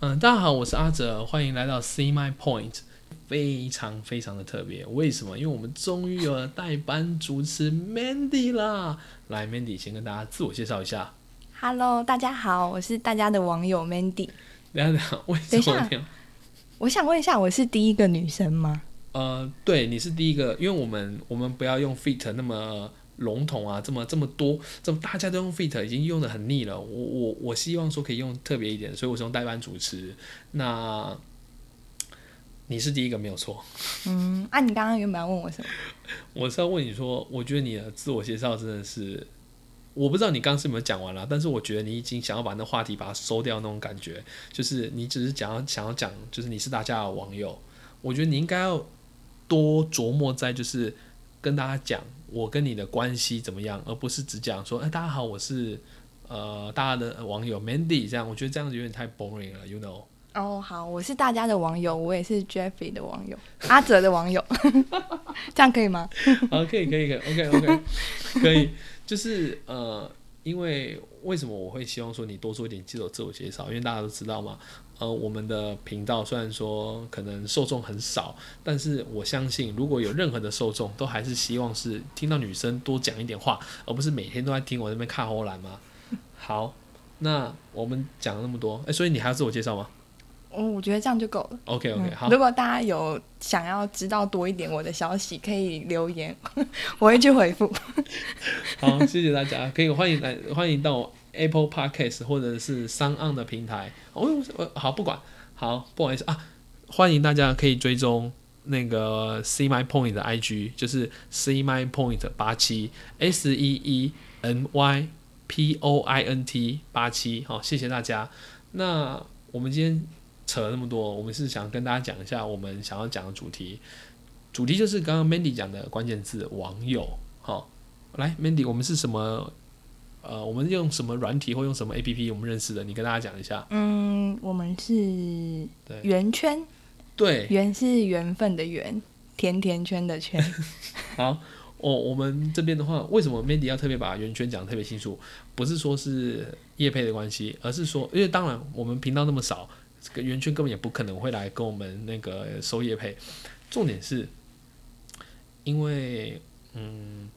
嗯，大家好，我是阿哲，歡迎來到 See My Point，非常非常的特別，為什麼？因為我們終於有了代班主持 Mandy 啦。 來，Mandy 先跟大家自我介紹一下。Hello，大家好，我是大家的網友 Mandy。等下等下，為什麼？我想問一下，我是第一個女生嗎？呃，對，你是第一個，因為我們我們不要用 fit 那麼。籠統啊，這麼這麼多，這麼大家都用 feat 已經用得很膩了。我我我希望說可以用特別一點，所以我是用代班主持。那你是第一個沒有錯。嗯，那、啊、你剛剛原本要問我什麼？ 我是要問你說，我覺得你的自我介紹真的是，我不知道你剛剛有沒有講完了，但是我覺得你已經想要把那話題把它收掉那種感覺，就是你只是想要想要講，就是你是大家的網友，我覺得你應該要多琢磨在就是跟大家講。我跟你的關係怎麼樣，而不是只講說，哎、呃，大家好，我是呃大家的網友 Mandy，這樣我覺得這樣子有點太 boring 了，you know？哦、oh,，好，我是大家的網友，我也是 Jeffrey 的網友， 阿哲的網友， 這樣可以嗎？好，可以，可以，可以，OK，OK，可以，就是呃，因為為什麼我會希望說你多做一點自我自我介紹？因為大家都知道嘛。呃，我們的頻道雖然說可能受眾很少，但是我相信如果有任何的受眾，都還是希望是聽到女生多講一點話，而不是每天都在聽我這邊看護欄嘛。好，那我們講了那麼多，哎，所以你還要自我介紹嗎？嗯，我覺得這樣就夠了。OK OK，嗯，好。如果大家有想要知道多一點我的消息，可以留言，我會去回復。好，謝謝大家，可以歡迎來，歡迎到。Apple Podcast 或者是三岸的平台哦，哦，好，不管，好，不好意思啊，歡迎大家可以追蹤那個 See My Point 的 IG，就是 See My Point 八七 S E E M Y P O I N T 八七，好，謝謝大家。那我們今天扯了那麼多，我們是想跟大家講一下我們想要講的主題，主題就是剛剛 Mandy 講的關鍵字，網友，好、哦，來 Mandy，我們是什麼？呃，我們用什麼軟體或用什麼 APP？我們認識的，你跟大家講一下。嗯，我們是圓圈，對，圓是緣分的圓，甜甜圈的圈。好、 啊，我、oh, 我們這邊的話，為什麼 Mandy 要特別把圓圈講得特別清楚？不是說是業配的關係，而是說，因為當然我們頻道那麼少，這個圓圈根本也不可能會來跟我們那個收業配。重點是，因為嗯。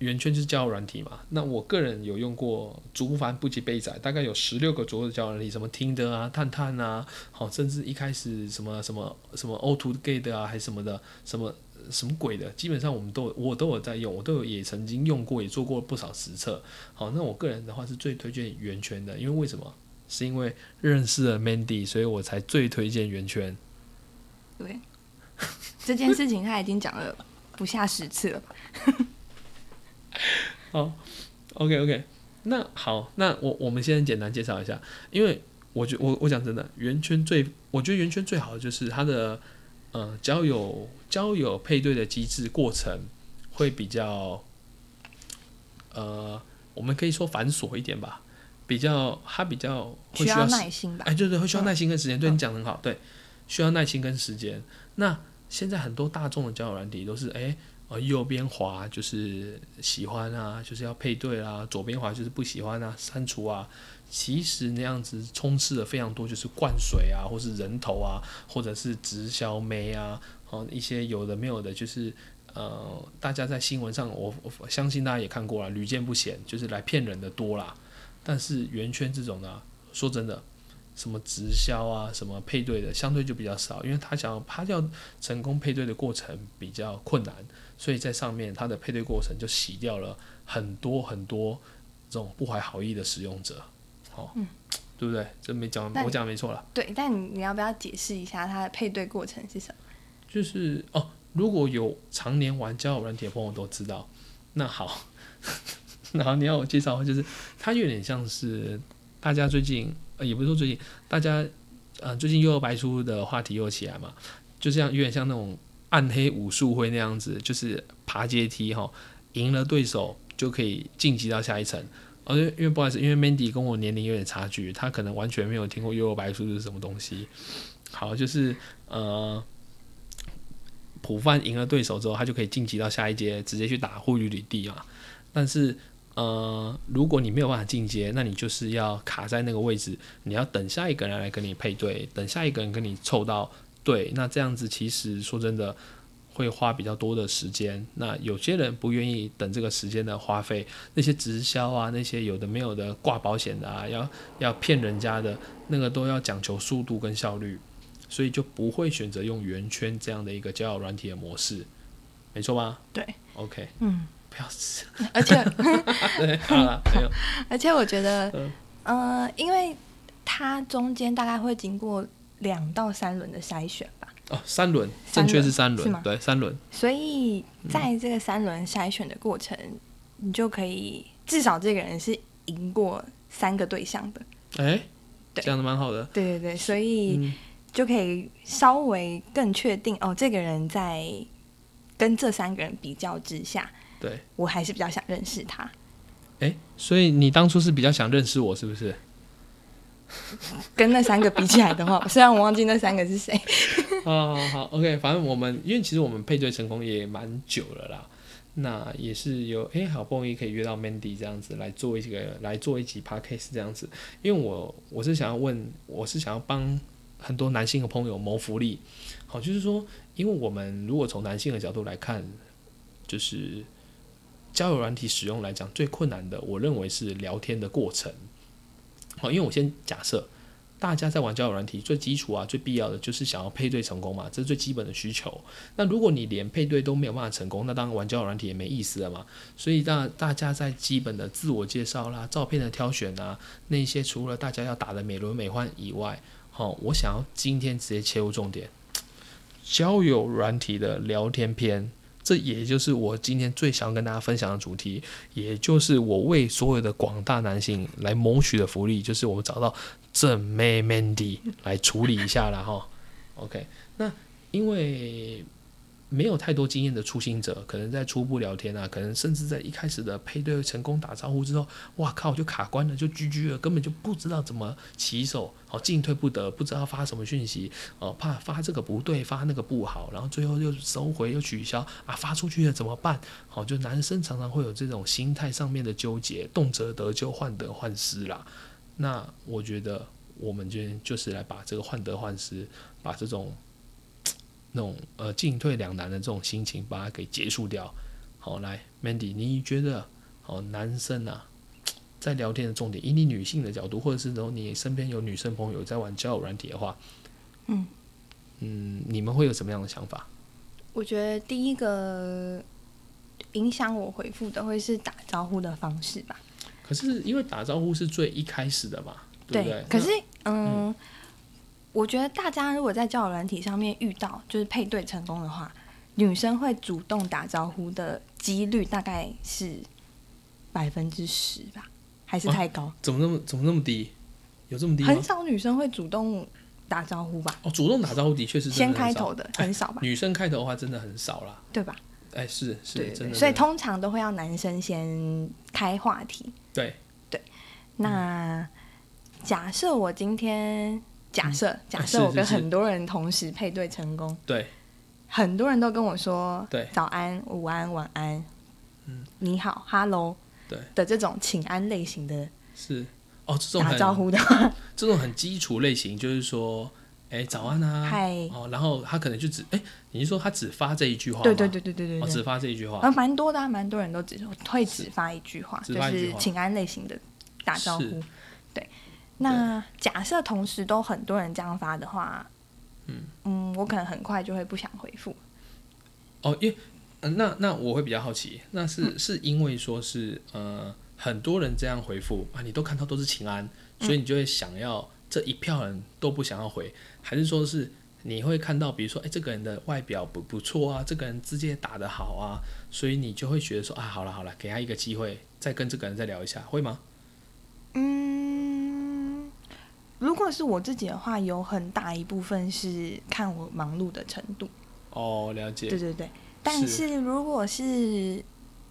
圓圈就是交友軟體嘛，那我個人有用過族繁不及備載，大概有十六個左右的交友軟體，什麼 Tinder 啊、探探啊，好，甚至一開始什麼什麼什麼 O to get 啊，還是什麼的，什麼什麼鬼的，基本上我們都我都有在用，我都有也曾經用過，也做過不少實測。好，那我個人的話是最推薦圓圈的，因為為什麼？是因為認識了 Mandy，所以我才最推薦圓圈。對， 這件事情他已經講了不下十次了吧 好、oh，OK OK。那好，那我我們先簡單介紹一下，因為我覺我我講真的，圓圈最我覺得圓圈最好的就是它的呃交友交友配對的機制過程會比較呃我們可以說繁瑣一點吧，比較它比較會需要，需要耐心吧，對，對對會需要耐心跟時間，嗯、對你講很好，嗯，對，需要耐心跟時間。那現在很多大眾的交友軟體都是哎、誒呃，右邊滑就是喜歡啊，就是要配對啊；左邊滑就是不喜歡啊，刪除啊。其實那樣子充斥了非常多，就是灌水啊，或是人頭啊，或者是直銷妹啊，哦、呃，一些有的沒有的，就是呃，大家在新聞上，我，我相信大家也看過了，屢見不鮮，就是來騙人的多啦。但是圓圈這種呢，說真的，什麼直銷啊，什麼配對的，相對就比較少，因為他想他要趴掉成功配對的過程比較困難。所以在上面，它的配對過程就洗掉了很多很多這種不懷好意的使用者，好、哦嗯，對不對？這沒講，我講沒錯了。對，但你你要不要解釋一下它的配對過程是什麼？就是哦，如果有常年玩交友軟件的朋友都知道，那好，然 後你要我介紹，就是它有點像是大家最近呃，也不是說最近大家，嗯、呃，最近又要白出的話題又起來嘛，就是、像有點像那種。暗黑武術會那樣子，就是爬階梯哈，贏了對手就可以晉級到下一層。而、哦、且因為不好意思，因為 Mandy 跟我年齡有點差距，他可能完全沒有聽過幽遊白書是什麼東西？好，就是呃，普范贏了對手之後，他就可以晉級到下一階，直接去打戶愚呂弟啊。但是呃，如果你沒有辦法晉級，那你就是要卡在那個位置，你要等下一個人來跟你配對，等下一個人跟你湊到。對，那這樣子其實說真的會花比較多的時間。那有些人不願意等這個時間的花費，那些直銷啊，那些有的沒有的掛保險的啊，要要騙人家的那個都要講求速度跟效率，所以就不會選擇用圓圈這樣的一個交友軟體的模式，沒錯吧？對，OK，嗯，不要笑， 而且 對，好了，沒有、哎，而且我覺得，嗯、呃，因為它中間大概會經過。兩到三輪的篩選吧。哦，三輪，正確是三輪，對，三輪。所以，在這個三輪篩選的過程，嗯，你就可以至少這個人是贏過三個對象的。哎，欸，對這樣子蠻好的。對對對，所以就可以稍微更確定，嗯、哦，這個人在跟這三個人比較之下，對我還是比較想認識他。哎，欸，所以你當初是比較想認識我，是不是？ 跟那三個比起來的話， 雖然我忘記那三個是誰。 好好好 OK，反正我們因為其實我們配對成功也蠻久了啦，那也是有哎、欸、好不容易可以約到 Mandy 這樣子來做一個來做一集 Podcast 這樣子，因為我我是想要問，我是想要幫很多男性的朋友謀福利。好，就是說，因為我們如果從男性的角度來看，就是交友軟體使用來講最困難的，我認為是聊天的過程。好，因為我先假設，大家在玩交友軟體，最基礎啊、最必要的就是想要配對成功嘛，這是最基本的需求。那如果你連配對都沒有辦法成功，那當然玩交友軟體也沒意思了嘛。所以，大大家在基本的自我介紹啦、照片的挑選吶、啊，那些除了大家要打的美輪美奐以外，好、哦，我想要今天直接切入重點，交友軟體的聊天篇。這也就是我今天最想跟大家分享的主題，也就是我為所有的廣大男性來謀取的福利，就是我們找到正妹 Mandy 來處理一下啦哈。OK，那因為。沒有太多經驗的初心者，可能在初步聊天啊，可能甚至在一開始的配對成功打招呼之後，哇靠，就卡關了，就 GG 了，根本就不知道怎麼起手，好進退不得，不知道發什麼訊息，哦，怕發這個不對，發那個不好，然後最後又收回又取消啊，發出去了怎麼辦？好，就男生常常會有這種心態上面的糾結，動輒得咎，患得患失啦。那我覺得，我們今天是來把這個患得患失，把這種。那種呃進退兩難的這種心情，把它給結束掉。好，來，Mandy，你覺得好、哦、男生啊，在聊天的重點，以你女性的角度，或者是說你身邊有女生朋友在玩交友軟體的話，嗯嗯，你們會有什麼樣的想法？我覺得第一個影響我回復的會是打招呼的方式吧。可是因為打招呼是最一開始的嘛，對不對？對，可是嗯。嗯我覺得大家如果在交友軟體上面遇到就是配對成功的話，女生會主動打招呼的幾率大概是百分之十吧，還是太高？啊、怎麼那麼怎麼那麼低？有這麼低？很少女生會主動打招呼吧？哦，主動打招呼的確是的先開頭的、欸、很少吧？女生開頭的話真的很少啦，對吧？哎、欸，是是對對對，所以通常都會要男生先開話題。對對，那、嗯、假設我今天。假設假設我跟很多人同時配對成功，對、啊，很多人都跟我說，對，早安、午安、晚安，嗯，你好，hello，對的這種請安類型的是哦，這種很打招呼的，這種很基礎類型，就是說，哎、欸，早安啊，嗨哦，然後他可能就只哎、欸，你是說他只發這一句話？對對對對對對，對，只、哦、發這一句話，呃、啊，蠻多的，蠻多人都只會只發、發一句話，就是請安類型的打招呼，對。那假設同時都很多人這樣發的話，嗯嗯，我可能很快就會不想回復。哦、oh, yeah,，因，那那我會比較好奇，那是、嗯、是因為說是呃很多人這樣回復啊，你都看到都是請安，所以你就會想要這一票人都不想要回，還是說是你會看到比如說哎、欸、這個人的外表不不錯啊，這個人直接打得好啊，所以你就會覺得說啊好了好了，給他一個機會，再跟這個人再聊一下，會嗎？嗯。如果是我自己的話，有很大一部分是看我忙碌的程度。哦，了解。對對對，但是如果是，是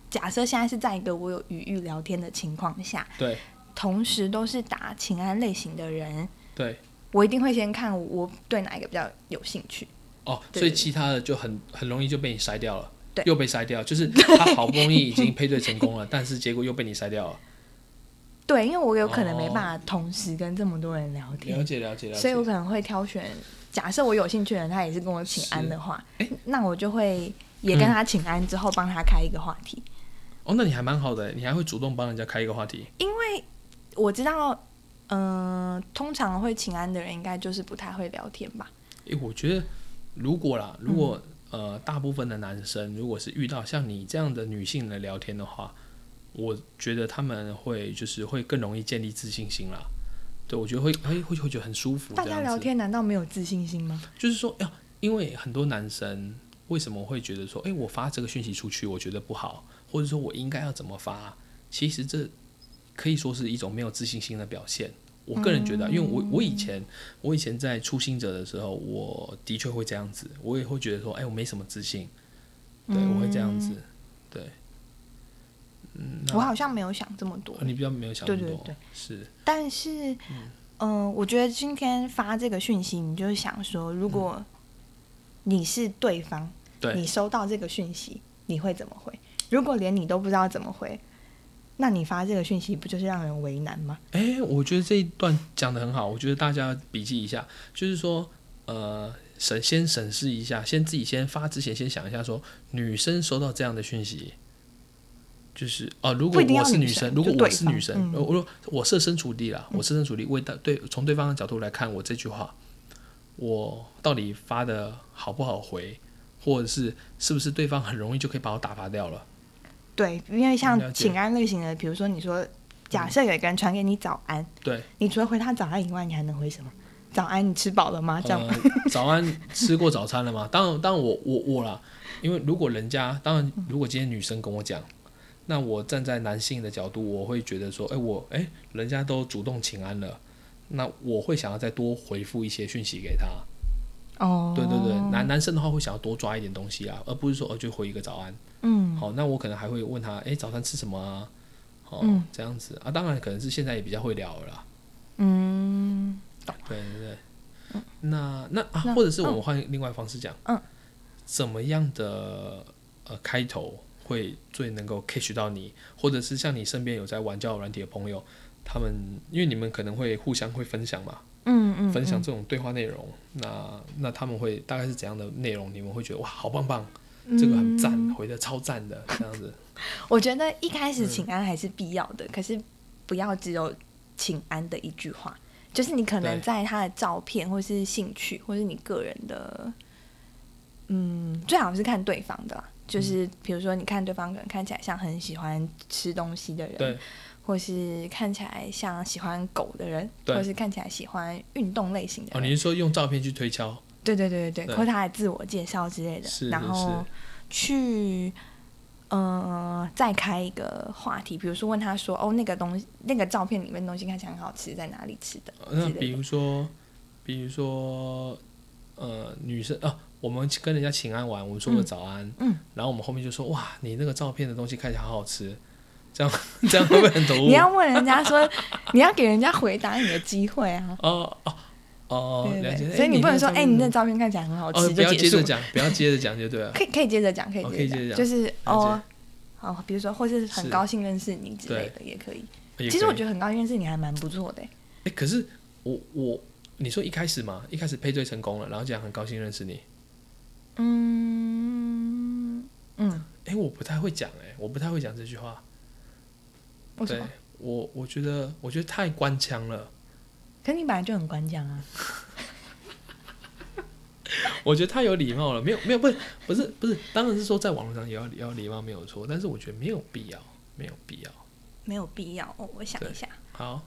假設現在是在一個我有餘裕聊天的情況下，對，同時都是打情安類型的人，對，我一定會先看我對哪一個比較有興趣。哦，所以其他的就很很容易就被你篩掉了，對，又被篩掉，就是他好不容易已經配對成功了， 但是結果又被你篩掉了。對，因為我有可能沒辦法同時跟這麼多人聊天，哦、了解了解了解，所以我可能會挑選，假設我有興趣的人，他也是跟我請安的話，那我就會也跟他請安之後、嗯，幫他開一個話題。哦，那你還蠻好的，你還會主動幫人家開一個話題，因為我知道，嗯、呃，通常會請安的人，應該就是不太會聊天吧？哎，我覺得如果啦，如果、嗯、呃，大部分的男生，如果是遇到像你這樣的女性來聊天的話。我覺得他們會就是會更容易建立自信心啦，對我覺得會、欸，會會會覺得很舒服。大家聊天難道沒有自信心嗎？就是說呀，因為很多男生為什麼會覺得說，哎、欸，我發這個訊息出去，我覺得不好，或者說我應該要怎麼發？其實這可以說是一種沒有自信心的表現。我個人覺得，嗯、因為我我以前我以前在初心者的時候，我的確會這樣子，我也會覺得說，哎、欸，我沒什麼自信，對、嗯、我會這樣子，對。我好像沒有想這麼多，啊。你比較沒有想這麼多對對對對，是。但是，嗯、呃，我覺得今天發這個訊息，你就是想說，如果你是對方，嗯、你收到這個訊息，你會怎麼回？如果連你都不知道怎麼回，那你發這個訊息不就是讓人為難嗎？哎、欸，我覺得這一段講得很好，嗯，我覺得大家筆記一下，就是說，呃，審先審視一下，先自己先發之前先想一下說，說女生收到這樣的訊息。就是啊，如果我是女生，女生，如果我是女生，我說、嗯、我設身處地啦，嗯、我設身處地為對從對方的角度來看，我這句話我到底發的好不好回，或者是是不是對方很容易就可以把我打發掉了？對，因為像請安類型的，比如說你說，假設有一個人傳給你早安，對、嗯，你除了回他早安以外，你還能回什麼？早安，你吃飽了嗎？這樣？ 早安，吃過早餐了嗎？ 當然，當然我，我我我啦，因為如果人家當然，如果今天女生跟我講。嗯那我站在男性的角度，我會覺得說，哎，我哎，人家都主動請安了，那我會想要再多回覆一些訊息給他，哦、oh.，對對對，男男生的話會想要多抓一點東西啊，而不是說，哦、呃，就回一個早安，嗯，好，那我可能還會問他，哎，早餐吃什麼啊？哦、嗯，這樣子啊，當然可能是現在也比較會聊了，嗯，對對對，嗯、那那啊那，或者是我們換另外一方式講，嗯，怎麼樣的呃開頭？會最能夠 catch 到你，或者是像你身邊有在玩交友軟體的朋友，他們因為你們可能會互相會分享嘛，嗯嗯，嗯，分享這種對話內容，那那他們會大概是怎樣的內容？你們會覺得哇，好棒棒，這個很贊，嗯，回的超贊的這樣子。 我覺得一開始請安還是必要的，嗯，可是不要只有請安的一句話，就是你可能在他的照片或是興趣或是你個人的，嗯，最好是看對方的啦。就是比如說，你看對方可能看起來像很喜歡吃東西的人，或是看起來像喜歡狗的人，或是看起來喜歡運動類型的人。哦，你是說用照片去推敲？對對對對對，或是他的自我介紹之類的，是是是。然後去嗯、呃、再開一個話題，比如說問他說：“哦，那個東西，那個照片裡面的東西看起來很好吃，在哪裡吃的？”對對。那比如說，比如說呃，女生哦。啊我們跟人家請安玩，我們說個早安，嗯，嗯，然後我們後面就說，哇，你那個照片的東西看起來好好吃，這樣這樣會不會很突兀？ 你要問人家說， 你要給人家回答你的機會啊！哦哦哦對對對、欸，所以你不能說，哎、欸，你那照片看起來很好吃，就結束，不要接着講，不要接着講，就對了。可以可以接着講，可以、哦、可以接着講，就是哦，哦，比如說或是很高興認識你之類的也可以。可以，其實我覺得很高興認識你還蠻不錯的、欸。哎、欸，可是我我你說一開始嘛，一開始配對成功了，然後講很高興認識你。嗯嗯，哎、嗯欸，我不太會講哎、欸，我不太會講這句話。對，我我覺得我覺得太官腔了。可你本來就很官腔啊。 我覺得太有禮貌了，沒有沒有不不是不是，不是，當然是說在網絡上也要也要禮貌沒有錯，但是我覺得沒有必要，沒有必要，沒有必要哦。我想一下，好，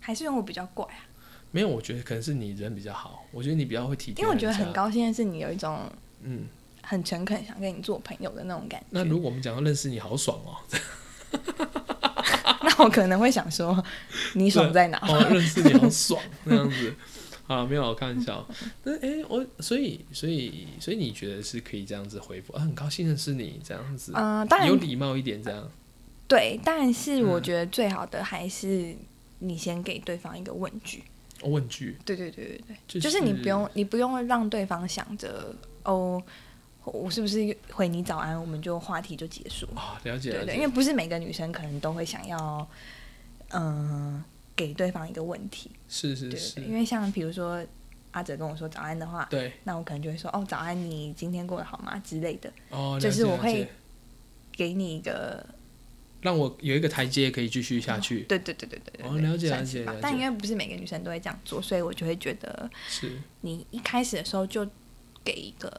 還是用我比較怪啊。沒有，我覺得可能是你人比較好。我覺得你比較會體貼。因為我覺得很高興的是，你有一種嗯，很誠懇想跟你做朋友的那種感覺。嗯、那如果我們講到認識你好爽哦， 那我可能會想說你爽在哪？認識你好爽， 那樣子啊，沒有，開玩笑。那哎、欸，我所以所以所以你覺得是可以這樣子回復啊？很高興認識你這樣子嗯，當、呃、然有禮貌一點這樣、呃。對，但是我覺得最好的還是你先給對方一個問句。問句，對對對對對，就是你不用，就是、你不用讓對方想着哦，我是不是回你早安，我們就話題就結束、哦、了解，對對了，因為不是每個女生可能都會想要，嗯、呃，給對方一個問題，是是是對對，因為像比如說阿哲跟我說早安的話，對，那我可能就會說哦，早安，你今天過得好嗎之類的，哦，就是我會給你一個。讓我有一個台階可以繼續下去、哦。對對對對我、哦、了解了解，了解，但應該不是每個女生都會這樣做，所以我就會覺得是。你一開始的時候就給一個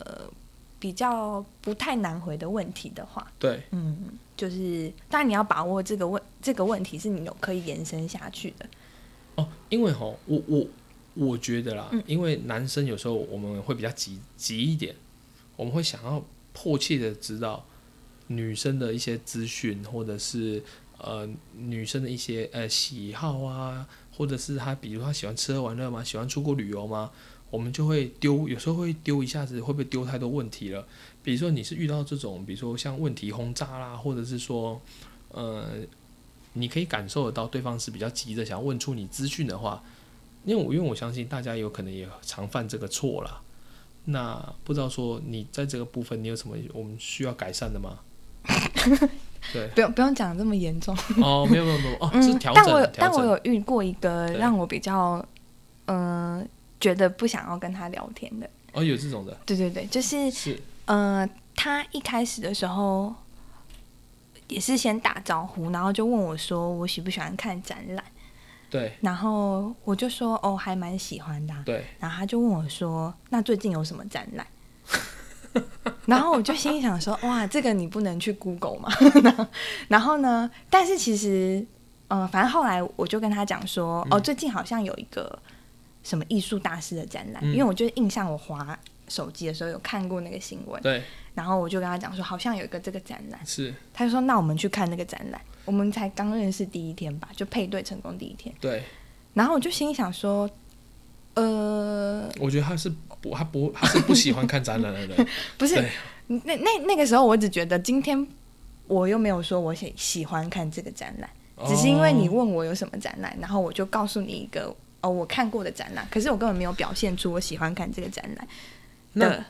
比較不太難回的問題的話，對，嗯，就是，但你要把握這個問這個問題是你有可以延伸下去的。哦，因為吼我我我覺得啦、嗯，因為男生有時候我們會比較急急一點，我們會想要迫切的知道。女生的一些資訊，或者是呃女生的一些呃喜好啊，或者是她比如她喜歡吃喝玩樂嗎？喜歡出國旅遊嗎？我們就會丟，有時候會丟一下子，會不會丟太多問題了？比如說你是遇到這種，比如說像問題轟炸啦，或者是說呃你可以感受得到對方是比較急的，想要問出你資訊的話，因為我因為我相信大家有可能也常犯這個錯啦。那不知道說你在這個部分你有什麼我們需要改善的嗎？ 對，不用不用講這麼嚴重哦，沒有沒有沒有、哦嗯、但我有但我有遇過一個讓我比較嗯、呃、覺得不想要跟他聊天的哦，有這種的，對對對，就是是、呃、他一開始的時候也是先打招呼，然後就問我說我喜不喜歡看展覽，對，然後我就說哦，還蠻喜歡的、啊，對，然後他就問我說那最近有什麼展覽？ 然後我就心想說，哇，這個你不能去 Google 嘛？ 然後呢？但是其實，嗯、呃，反正後來我就跟他講說、嗯，哦，最近好像有一個什麼藝術大師的展覽、嗯，因為我就印象我滑手機的時候有看過那個新聞。對。然後我就跟他講說，好像有一個這個展覽。是。他就說，那我們去看那個展覽。我們才剛認識第一天吧，就配對成功第一天。對。然後我就心裡想說，呃，我覺得他是。不，他不，他是不喜歡看展覽的人。 不是，那那那個時候，我只覺得今天我又沒有說我喜喜歡看這個展覽、哦，只是因為你問我有什麼展覽，然後我就告訴你一個哦我看過的展覽，可是我根本沒有表現出我喜歡看這個展覽。那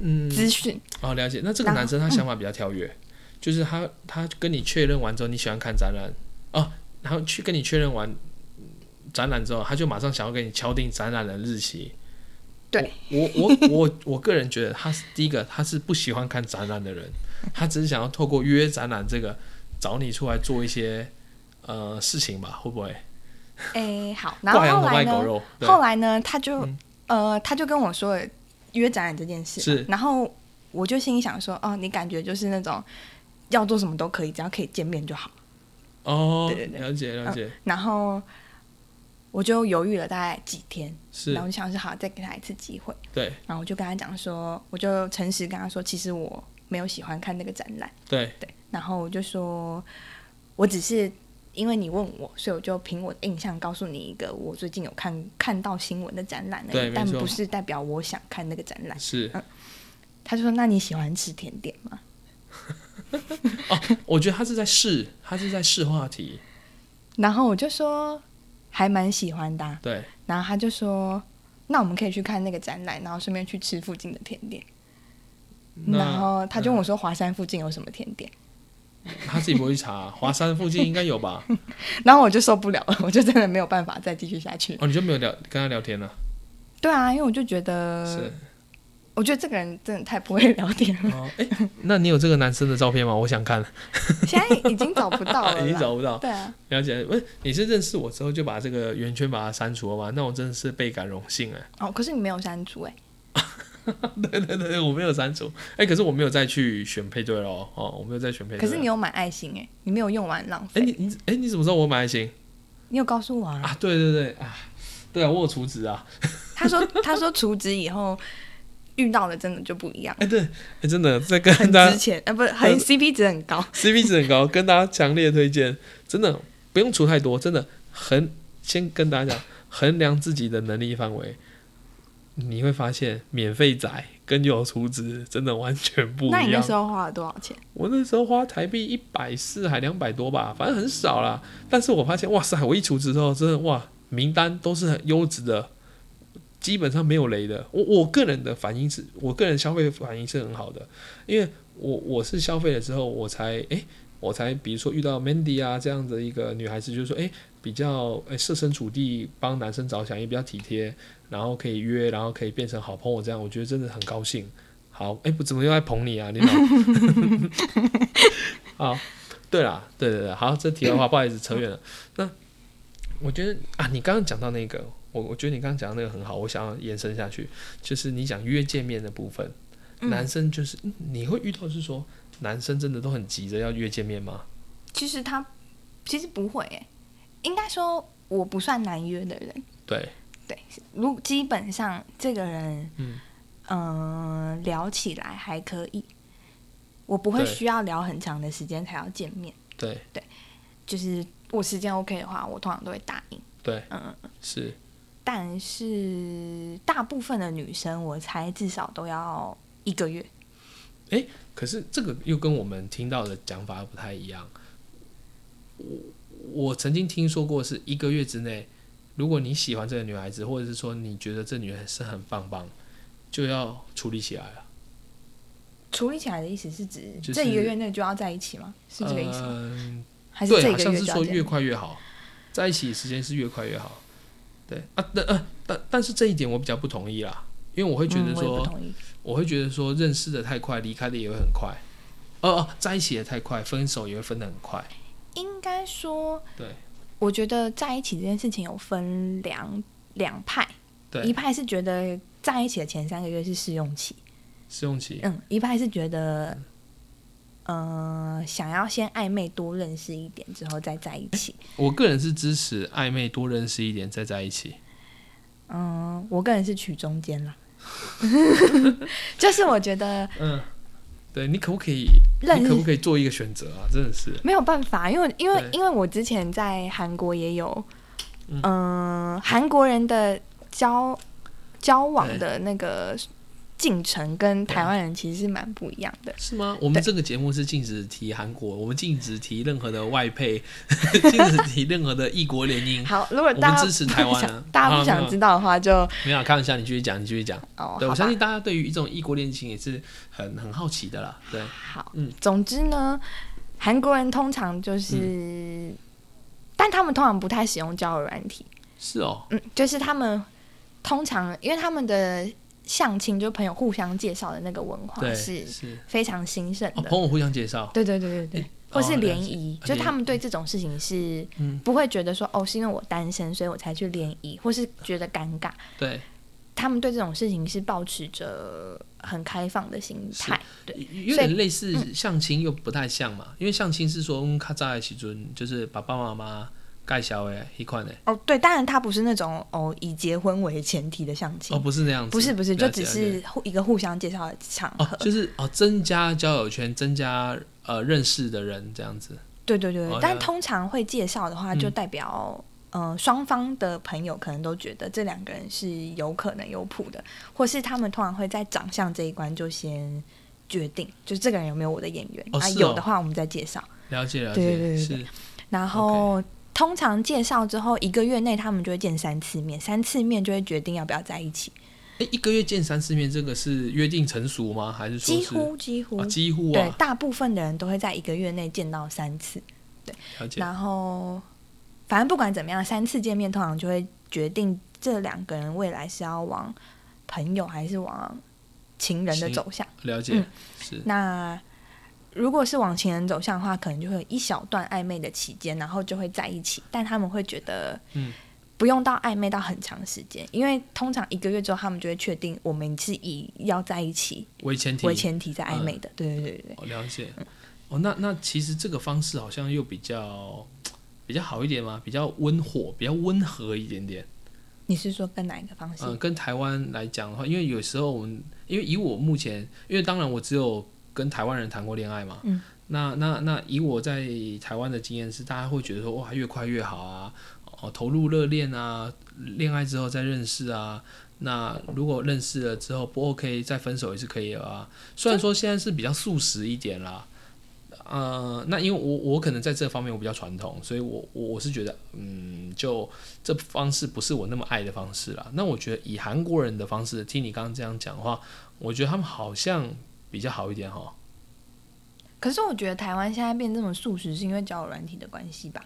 嗯，資訊哦，了解。那這個男生他想法比較跳躍，就是他他跟你確認完之後你喜歡看展覽、嗯、哦，然後去跟你確認完展覽之後，他就馬上想要跟你敲定展覽的日期。對我我我我個人覺得他是第一個，他是不喜歡看展覽的人， 他只是想要透過約展覽這個找你出來做一些呃事情吧，會不會？哎、欸，好。然後，掛羊頭賣狗肉。 後來呢，他就、嗯、呃他就跟我說了約展覽這件事，是。然後我就心裡想說，哦、呃，你感覺就是那種要做什麼都可以，只要可以見面就好。哦，對對對，了解了解、呃。然後。我就猶豫了大概幾天，是，然後我就想說好，再給他一次機會。對，然後我就跟他講說，我就誠實跟他說，其實我沒有喜歡看那個展覽。對，對。然後我就說，我只是因為你問我，所以我就憑我的印象告訴你一個我最近有看看到新聞的展覽而已，對，但不是代表我想看那個展覽。是。嗯，他就說：“那你喜歡吃甜點嗎？” 哦，我覺得他是在試， 他是在試話題。然後我就說。還蠻喜歡的、啊，對。然後他就說：“那我們可以去看那個展覽，然後順便去吃附近的甜點。”然後他就問我說：“華山附近有什麼甜點？”嗯、他自己不會去查、啊， 華山附近應該有吧。 然後我就受不了了，我就真的沒有辦法再繼續下去。哦，你就沒有聊跟他聊天了、啊？對啊，因為我就覺得。我覺得這個人真的太不會聊天了。哎、哦欸，那你有這個男生的照片嗎？我想看。現在已經找不到了，已經找不到。對啊，了解。喂、欸，你是認識我之後就把這個圓圈把它刪除了嗎？那我真的是倍感榮幸哎。哦，可是你沒有刪除哎、欸啊。對對對，我沒有刪除。哎、欸，可是我沒有再去選配對了。哦、啊，我沒有再選配對。可是你有買愛心哎、欸，你沒有用完浪費、欸。你你哎，你怎、欸、麼知道我買愛心？你有告訴我啊，啊？對對對啊，對啊，我有儲值啊。他說他說儲值以後。 遇到的真的就不一樣，哎、欸，對，欸、真的在跟大家前值哎，欸、不是很 CP 值很高，呃、CP 值很高， 跟大家強烈推薦，真的不用出太多，真的很先跟大家講，衡量自己的能力範圍，你會發現免費仔跟有儲值真的完全不一樣。那你那時候花了多少錢？我那時候花台幣一百四還兩百多吧，反正很少啦。但是我發現，哇塞，我一儲值之後，真的哇，名單都是很優質的。基本上沒有雷的，我我個人的反應是，我個人消費反應是很好的，因為我我是消費了之後，我才誒、欸，我才比如說遇到 Mandy 啊這樣的一個女孩子，就是說誒、欸、比較誒、欸、設身處地幫男生着想，也比較體貼，然後可以約，然後可以變成好朋友這樣，我覺得真的很高興。好，誒、欸，不怎麼又來捧你啊，你好。 好，對啦，對對對，好，這題的話不好意思扯遠了。嗯、那我覺得啊，你剛剛講到那個。我我覺得你剛剛講的那個很好，我想要延伸下去，就是你講約見面的部分，嗯、男生就是你會遇到是說男生真的都很急着要約見面嗎？其實他其實不會耶，應該說我不算難約的人。對對，如基本上這個人，嗯嗯、呃，聊起來還可以，我不會需要聊很長的時間才要見面。對對，就是我時間 OK 的話，我通常都會答應。對，嗯嗯嗯，是。但是大部分的女生，我猜至少都要一個月。誒，可是這個又跟我們聽到的講法不太一樣。我我曾經聽說過，是一個月之內，如果你喜歡這個女孩子，或者是說你覺得這女孩是很棒棒，就要處理起來了。處理起來的意思是指、就是、這一個月內就要在一起嗎？是這個意思嗎、呃？還是好、啊這個、像是說越快越好，在一起時間是越快越好。對、啊、但但、啊、但是這一點我比較不同意啦，因為我會覺得說，嗯、我，我會覺得說，認識的太快，離開的也會很快，哦、啊、哦、啊，在一起也太快，分手也會分得很快。應該說，我覺得在一起這件事情有分兩兩派，對，一派是覺得在一起的前三個月是試用期，試用期，嗯，一派是覺得。嗯、呃，想要先曖昧多認識一點，之後再在一起。欸、我個人是支持曖昧多認識一點再在一起。嗯，我個人是取中間啦， 就是我覺得，嗯，對你可不可以，認你可不可以做一個選擇啊？真的是沒有辦法，因為因為因為我之前在韓國也有，嗯，呃、韓國人的交交往的那個。進程跟台灣人其實是蠻不一樣的，是嗎？我們這個節目是禁止提韓國，我們禁止提任何的外配， 禁止提任何的異國聯姻。 好，如果大家支持台灣、啊、不大家不想知道的話就，就、啊、沒有看一下，你繼續講，你繼續講。哦對，我相信大家對於這種異國戀情也是很很好奇的啦。對，好，嗯，總之呢，韓國人通常就是、嗯，但他們通常不太使用交友軟體。是哦，嗯，就是他們通常因為他們的。相親就是朋友互相介紹的那個文化，是非常興盛的、哦。朋友互相介紹，對對對對對，或是聯誼，就他們對這種事情是不會覺得說、嗯、哦是因為我單身所以我才去聯誼，或是覺得尷尬。對，他們對這種事情是抱持著很開放的心態，對，有點類似相親又不太像嘛，嗯、因為相親是說嗯，我們靠在一起住，就是爸爸媽媽。介紹誒，一塊誒。哦，對，當然他不是那種哦以結婚為前提的相親，哦，不是那樣子，不是不是，就只是互一個互相介紹的場合，哦、就是哦增加交友圈，增加呃認識的人這樣子。對對對，哦、但通常會介紹的話，就代表、嗯、呃雙方的朋友可能都覺得這兩個人是有可能有譜的，或是他們通常會在長相這一關就先決定，就是這個人有沒有我的眼緣、哦哦、啊，有的話我們再介紹。了解了解，對對對，對，對，然後。Okay. 通常介紹之後一個月內，他們就會見三次面，三次面就會決定要不要在一起。誒，一個月見三次面，這個是約定成熟嗎？還是說幾乎幾乎、啊、幾乎、啊、對，大部分的人都會在一個月內見到三次。對，然後，反正不管怎麼樣，三次見面通常就會決定這兩個人未來是要往朋友還是往情人的走向。了解，嗯、是那。是如果是往前走向的話，可能就會有一小段曖昧的期間，然後就會在一起。但他們會覺得，不用到曖昧到很長時間，嗯，因為通常一個月之後，他們就會確定我們是以要在一起為前提，為前提在曖昧的，嗯。對對對對，對、哦，了解。嗯、哦，那那其實這個方式好像又比較比較好一點嘛，比較溫和、比較溫和一點點。你是說跟哪一個方式？嗯，跟台灣來講的話，因為有時候我們，因為以我目前，因為當然我只有。跟台灣人談過戀愛嗎？嗯，那那那以我在台灣的經驗是，大家會覺得說哇，越快越好啊，哦，投入熱戀啊，戀愛之後再認識啊。那如果認識了之後不 OK，再分手也是可以了啊。雖然說現在是比較速食一點啦，呃，那因為我我可能在這方面我比較傳統，所以我我我是覺得，嗯，就這方式不是我那麼愛的方式啦。那我覺得以韓國人的方式，聽你剛剛這樣講的話，我覺得他們好像。比較好一點哈、哦，可是我覺得台灣現在變這麼速食，是因為交友軟體的關係吧？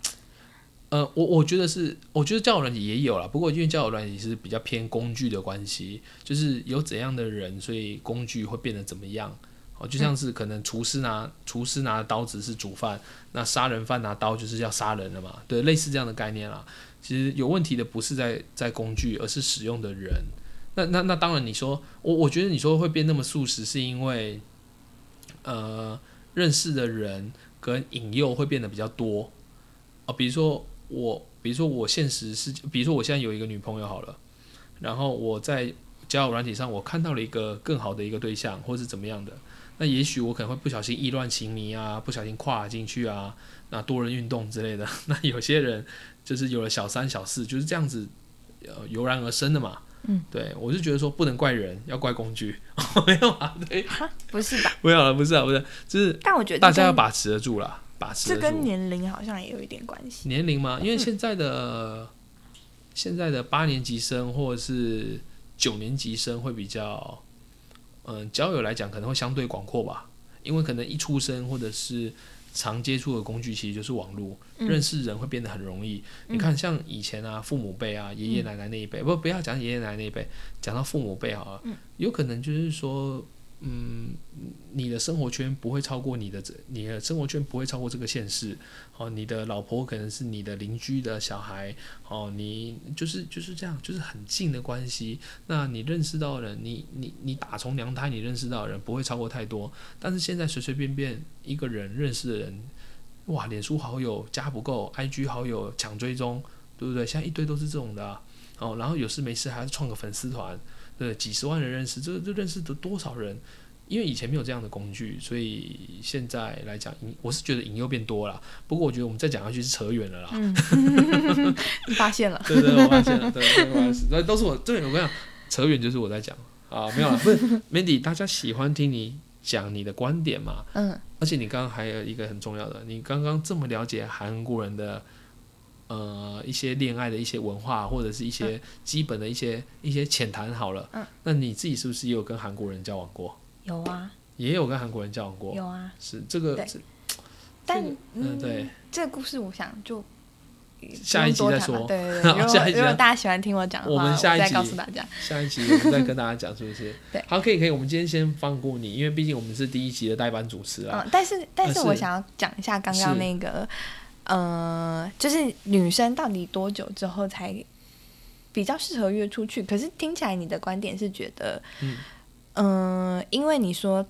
呃，我我覺得是，我覺得交友軟體也有啦。不過因為交友軟體是比較偏工具的關係，就是有怎樣的人，所以工具會變得怎麼樣。哦，就像是可能廚師拿、嗯、廚師拿刀子是煮飯，那殺人犯拿刀就是要殺人的嘛，對，類似這樣的概念啦。其實有問題的不是在在工具，而是使用的人。那那那當然，你說我我覺得你說會變那麼速食，是因為呃認識的人跟引誘會變得比較多。呃，比如說我，比如說我現實是，比如說我現在有一個女朋友好了，然後我在交友軟體上我看到了一個更好的一個對象，或是怎麼樣的，那也許我可能會不小心意亂情迷啊，不小心跨進去啊，那多人運動之類的，那有些人就是有了小三小四就是這樣子呃油然而生的嘛。嗯，對我是覺得說不能怪人，要怪工具。呵呵沒有啊，對，啊，不是吧？沒 有了，不是啊，不是，就是。但我覺得大家要把持得住了，把持得住。這跟年齡好像也有一點關係。年齡嘛？因為現在的、嗯、現在的八年級生或者是九年級生會比較，嗯、呃，交友來講可能會相對廣闊吧，因為可能一出生或者是。常接觸的工具其實就是網絡，認識人會變得很容易。嗯、你看，像以前啊，父母輩啊，嗯、爺爺奶奶那一輩，不，不要講爺爺奶奶那一輩，講到父母輩好了，嗯，有可能就是說。嗯，你的生活圈不會超過你的這，你的生活圈不會超過這個縣市。哦，你的老婆可能是你的鄰居的小孩。哦，你就是就是這樣，就是很近的關係。那你認識到人，你你你打從娘胎你認識到人不會超過太多。但是現在隨隨便便一個人認識的人，哇，臉書好友加不夠，IG 好友搶追蹤，對不對？現在一堆都是這種的啊。哦，然後有事沒事還要創個粉絲團。對，幾十萬人認識，這這認識的多少人？因為以前沒有這樣的工具，所以現在來講，我是覺得引誘變多了。不過我覺得我們再講下去是扯遠了啦。嗯、 你發現了， 對，對對，我發現了，對，發現了。那都是我，對，我跟你講，扯遠就是我在講啊，沒有了。不是 ，Mandy，大家喜歡聽你講你的觀點嘛。嗯，而且你剛剛還有一個很重要的，你剛剛這麼了解韓國人的。呃，一些戀愛的一些文化，或者是一些基本的一些、嗯、一些淺談好了。嗯，那你自己是不是也有跟韓國人交往過？有啊，也有跟韓國人交往過。有啊，是這個。是但、這個、嗯，對，這個故事我想就下一集再說。對對對，下一集啊、如果如果大家喜歡聽我講的話，我們下一集再告訴大家。下一集我們再跟大家講，是不是？ 對，好，可以可以，我們今天先放過你，因為畢竟我們是第一集的代班主持啊。呃、但是但是我想要講一下剛剛那個。嗯、呃，就是女生到底多久之後才比較適合約出去？可是聽起來你的觀點是覺得，嗯，呃、因為你說，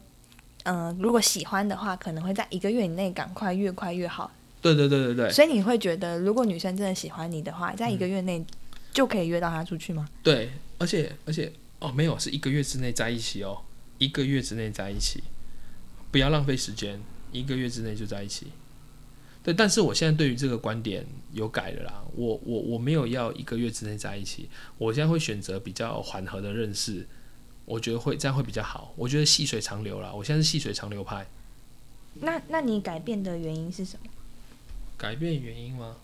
嗯、呃，如果喜歡的話，可能會在一個月以內，趕快，越快越好。對對對對對。所以你會覺得，如果女生真的喜歡你的話，在一個月內就可以約到她出去嗎？嗯、對，而且而且哦，沒有，是一個月之內在一起哦，一個月之內在一起，不要浪費時間，一個月之內就在一起。對，但是我現在對於這個觀點有改了啦。我我我沒有要一個月之內在一起，我現在會選擇比較緩和的認識，我覺得會這樣會比較好。我覺得細水長流啦，我現在是細水長流派。那那你改變的原因是什麼？改變原因嗎？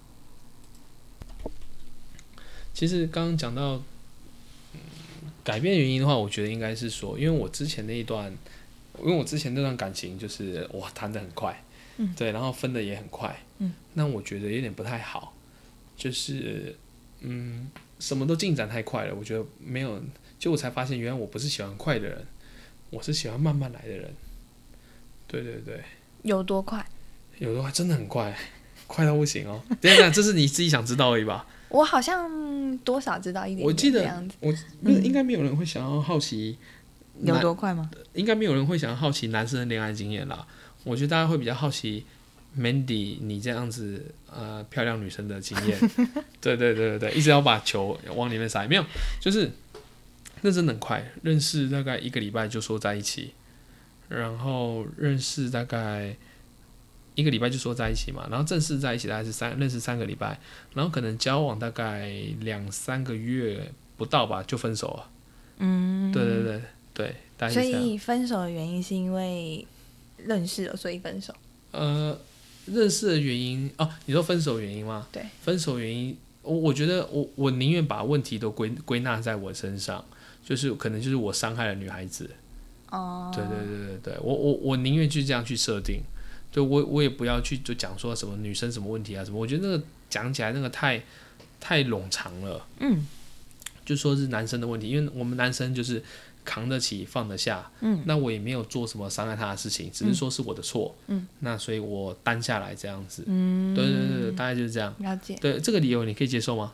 其實剛剛講到，嗯，改變原因的話，我覺得應該是說，因為我之前那一段，因為我之前那段感情就是我談的很快。嗯、對，然後分的也很快，嗯，那我覺得有點不太好，就是，嗯，什麼都進展太快了，我覺得沒有，就我才發現，原來我不是喜歡快的人，我是喜歡慢慢來的人。對對對，有多快有多快？真的很快，快到不行哦！ 等一下，這是你自己想知道而已吧？ 我好像多少知道一點、點，我記得，我、嗯、應該沒有人會想要好奇有多快嗎、呃？應該沒有人會想要好奇男生的戀愛經驗啦。我覺得大家會比較好奇，Mandy，你這樣子，呃，漂亮女生的經驗， 對對對對，一直要把球往裡面塞，沒有，就是，那真的很快，認識大概一個禮拜就說在一起，然後認識大概一個禮拜就說在一起嘛，然後正式在一起大概是三認識三個禮拜，然後可能交往大概兩三個月不到吧就分手了，嗯，對對對對大，所以分手的原因是因為。認識了，所以分手。呃，認識的原因哦，啊，你說分手原因嗎？對，分手原因，我我覺得我我寧願把問題都歸歸納在我身上，就是可能就是我傷害了女孩子。哦。對對對對對，我我我寧願就這樣去設定，就我我也不要去就講說什麼女生什麼問題啊什麼，我覺得那個講起來那個太太冗長了。嗯。就說是男生的問題，因為我們男生就是。扛得起，放得下。嗯，那我也沒有做什麼傷害他的事情，嗯，只是說是我的錯。嗯，那所以我擔下來這樣子。嗯，對對對，嗯，大概就是這樣。了解。對，這個理由你可以接受嗎？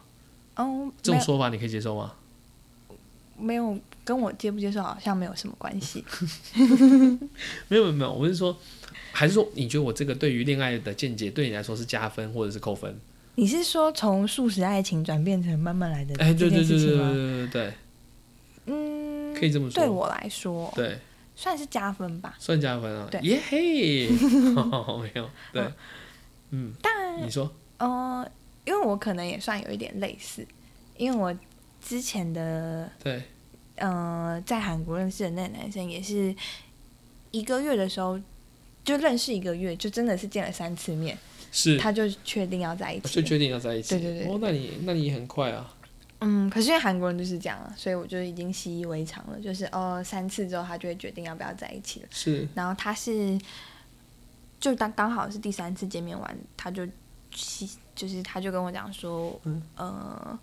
哦。這種說法你可以接受嗎？沒有，跟我接不接受好像沒有什麼關係。 沒有沒有沒有，我是說，還是說你覺得我這個對於戀愛的見解對你來說是加分或者是扣分？你是說從速食愛情轉變成慢慢來的？哎，欸，對對，對對對對對對對對。嗯。可以這麼說，對我來說，對，算是加分吧，算加分啊，對，耶、yeah! 嘿， 沒有，對，嗯，但你說，嗯、呃，因為我可能也算有一點類似，因為我之前的，對，嗯、呃，在韓國認識的那個男生也是一個月的時候就認識一個月，就真的是見了三次面，是，他就確定要在一起，就確定要在一起，對對對，哦，那你那你很快啊？嗯，可是因為韓國人就是這樣，所以我就已經習以為常了。就是哦、呃，三次之後他就會決定要不要在一起了。是。然後他是，就當剛好是第三次見面完，他就，就是他就跟我講說，嗯，呃，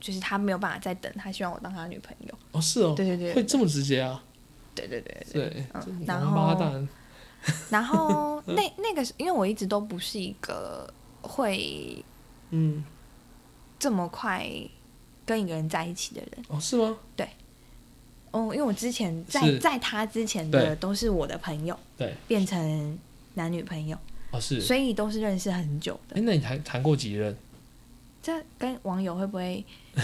就是他沒有辦法再等，他希望我當他女朋友。哦，是哦，對對對，對，對對對，會這麼直接啊？對對對對，對。對、嗯。然後。王八蛋。然後 那那個是因為我一直都不是一個會嗯。這麼快跟一個人在一起的人哦？是嗎？對，哦、oh,，因為我之前在在他之前的都是我的朋友，對，變成男女朋友是哦是，所以都是認識很久的。哎、欸，那你談談過幾任？這跟網友會不會？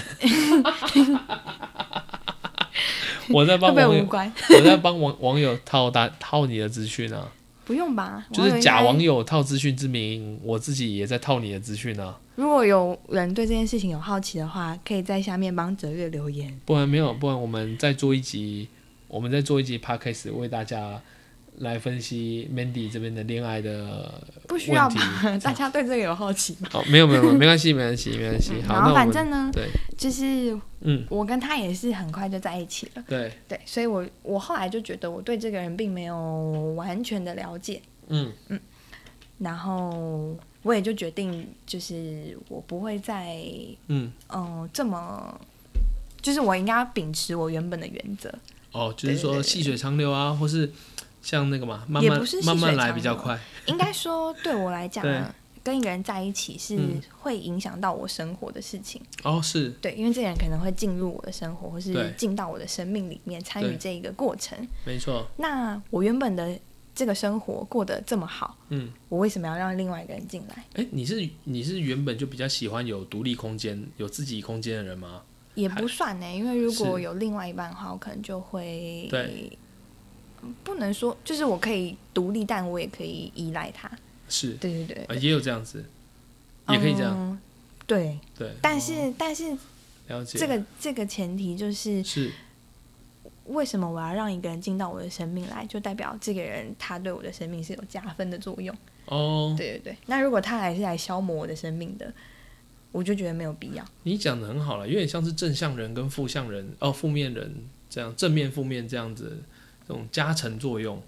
會不會無關？我在幫網， 網友，我在幫網網友套單套你的資訊啊。不用吧，就是假網友套資訊之名，我自己也在套你的資訊呢。如果有人對這件事情有好奇的話，可以在下面幫哲月留言。不然沒有，不然我們再做一集，我們再做一集 podcast 為大家。來分析 Mandy 這邊的戀愛的，不需要吧？大家對這個有好奇嗎？ 哦，沒有沒有，沒關係沒關係沒關係、 嗯。然後反正呢，對，就是嗯，我跟他也是很快就在一起了。對、嗯、對，所以我我後來就覺得我對這個人並沒有完全的了解。嗯嗯，然後我也就決定，就是我不會再嗯嗯、呃、這麼，就是我應該要秉持我原本的原則。哦，就是說細水長流啊，或是。像那個嘛，慢慢慢慢來比較快。應該說，對我來講、啊、 跟一個人在一起是會影響到我生活的事情。嗯、哦，是對，因為這個人可能會進入我的生活，或是進到我的生命裡面，參與這一個過程。沒錯。那我原本的這個生活過得這麼好，嗯，我為什麼要讓另外一個人進來？哎、欸，你是你是原本就比較喜歡有獨立空間、有自己空間的人嗎？也不算呢，因為如果有另外一半的話，我可能就會。對。不能說，就是我可以獨立，但我也可以依賴他。是，對對對，啊，也有這樣子、嗯，也可以這樣，對對。但是，哦、但是、這個，了解這個這個前提就是，是為什麼我要讓一個人進到我的生命來，就代表這個人他對我的生命是有加分的作用。哦，對對對。那如果他還是來消磨我的生命的，我就覺得沒有必要。你講得很好了，有點像是正向人跟負向人哦，負面人這樣，正面負面這樣子。這種加成作用，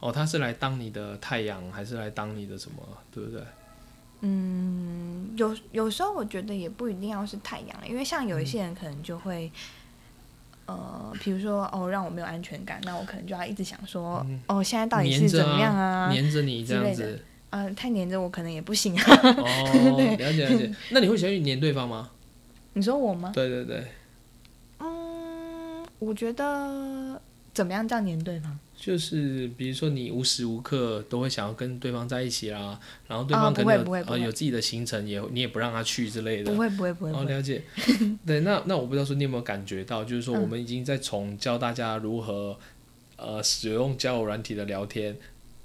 哦，他是來當你的太陽，還是來當你的什麼，對不對？嗯，有有時候我覺得也不一定要是太陽，因為像有一些人可能就會，嗯、呃，比如說哦，讓我沒有安全感，那我可能就要一直想說，嗯、哦，現在到底是怎麼樣啊？黏着、啊、你這樣子，啊、呃，太黏着我可能也不行啊。哦， 對了解了解。那你會想去黏對方嗎、嗯？你說我嗎？對對對。嗯，我覺得。怎麼樣叫黏對方？就是比如說，你無時無刻都會想要跟對方在一起啦、啊，然後對方可能啊有、哦呃、有自己的行程也，也你也不讓他去之類的。不會不會不會哦，了解。 對，那那我不知道說你有沒有感覺到，就是說我們已經在從教大家如何、嗯、呃使用交友軟體的聊天，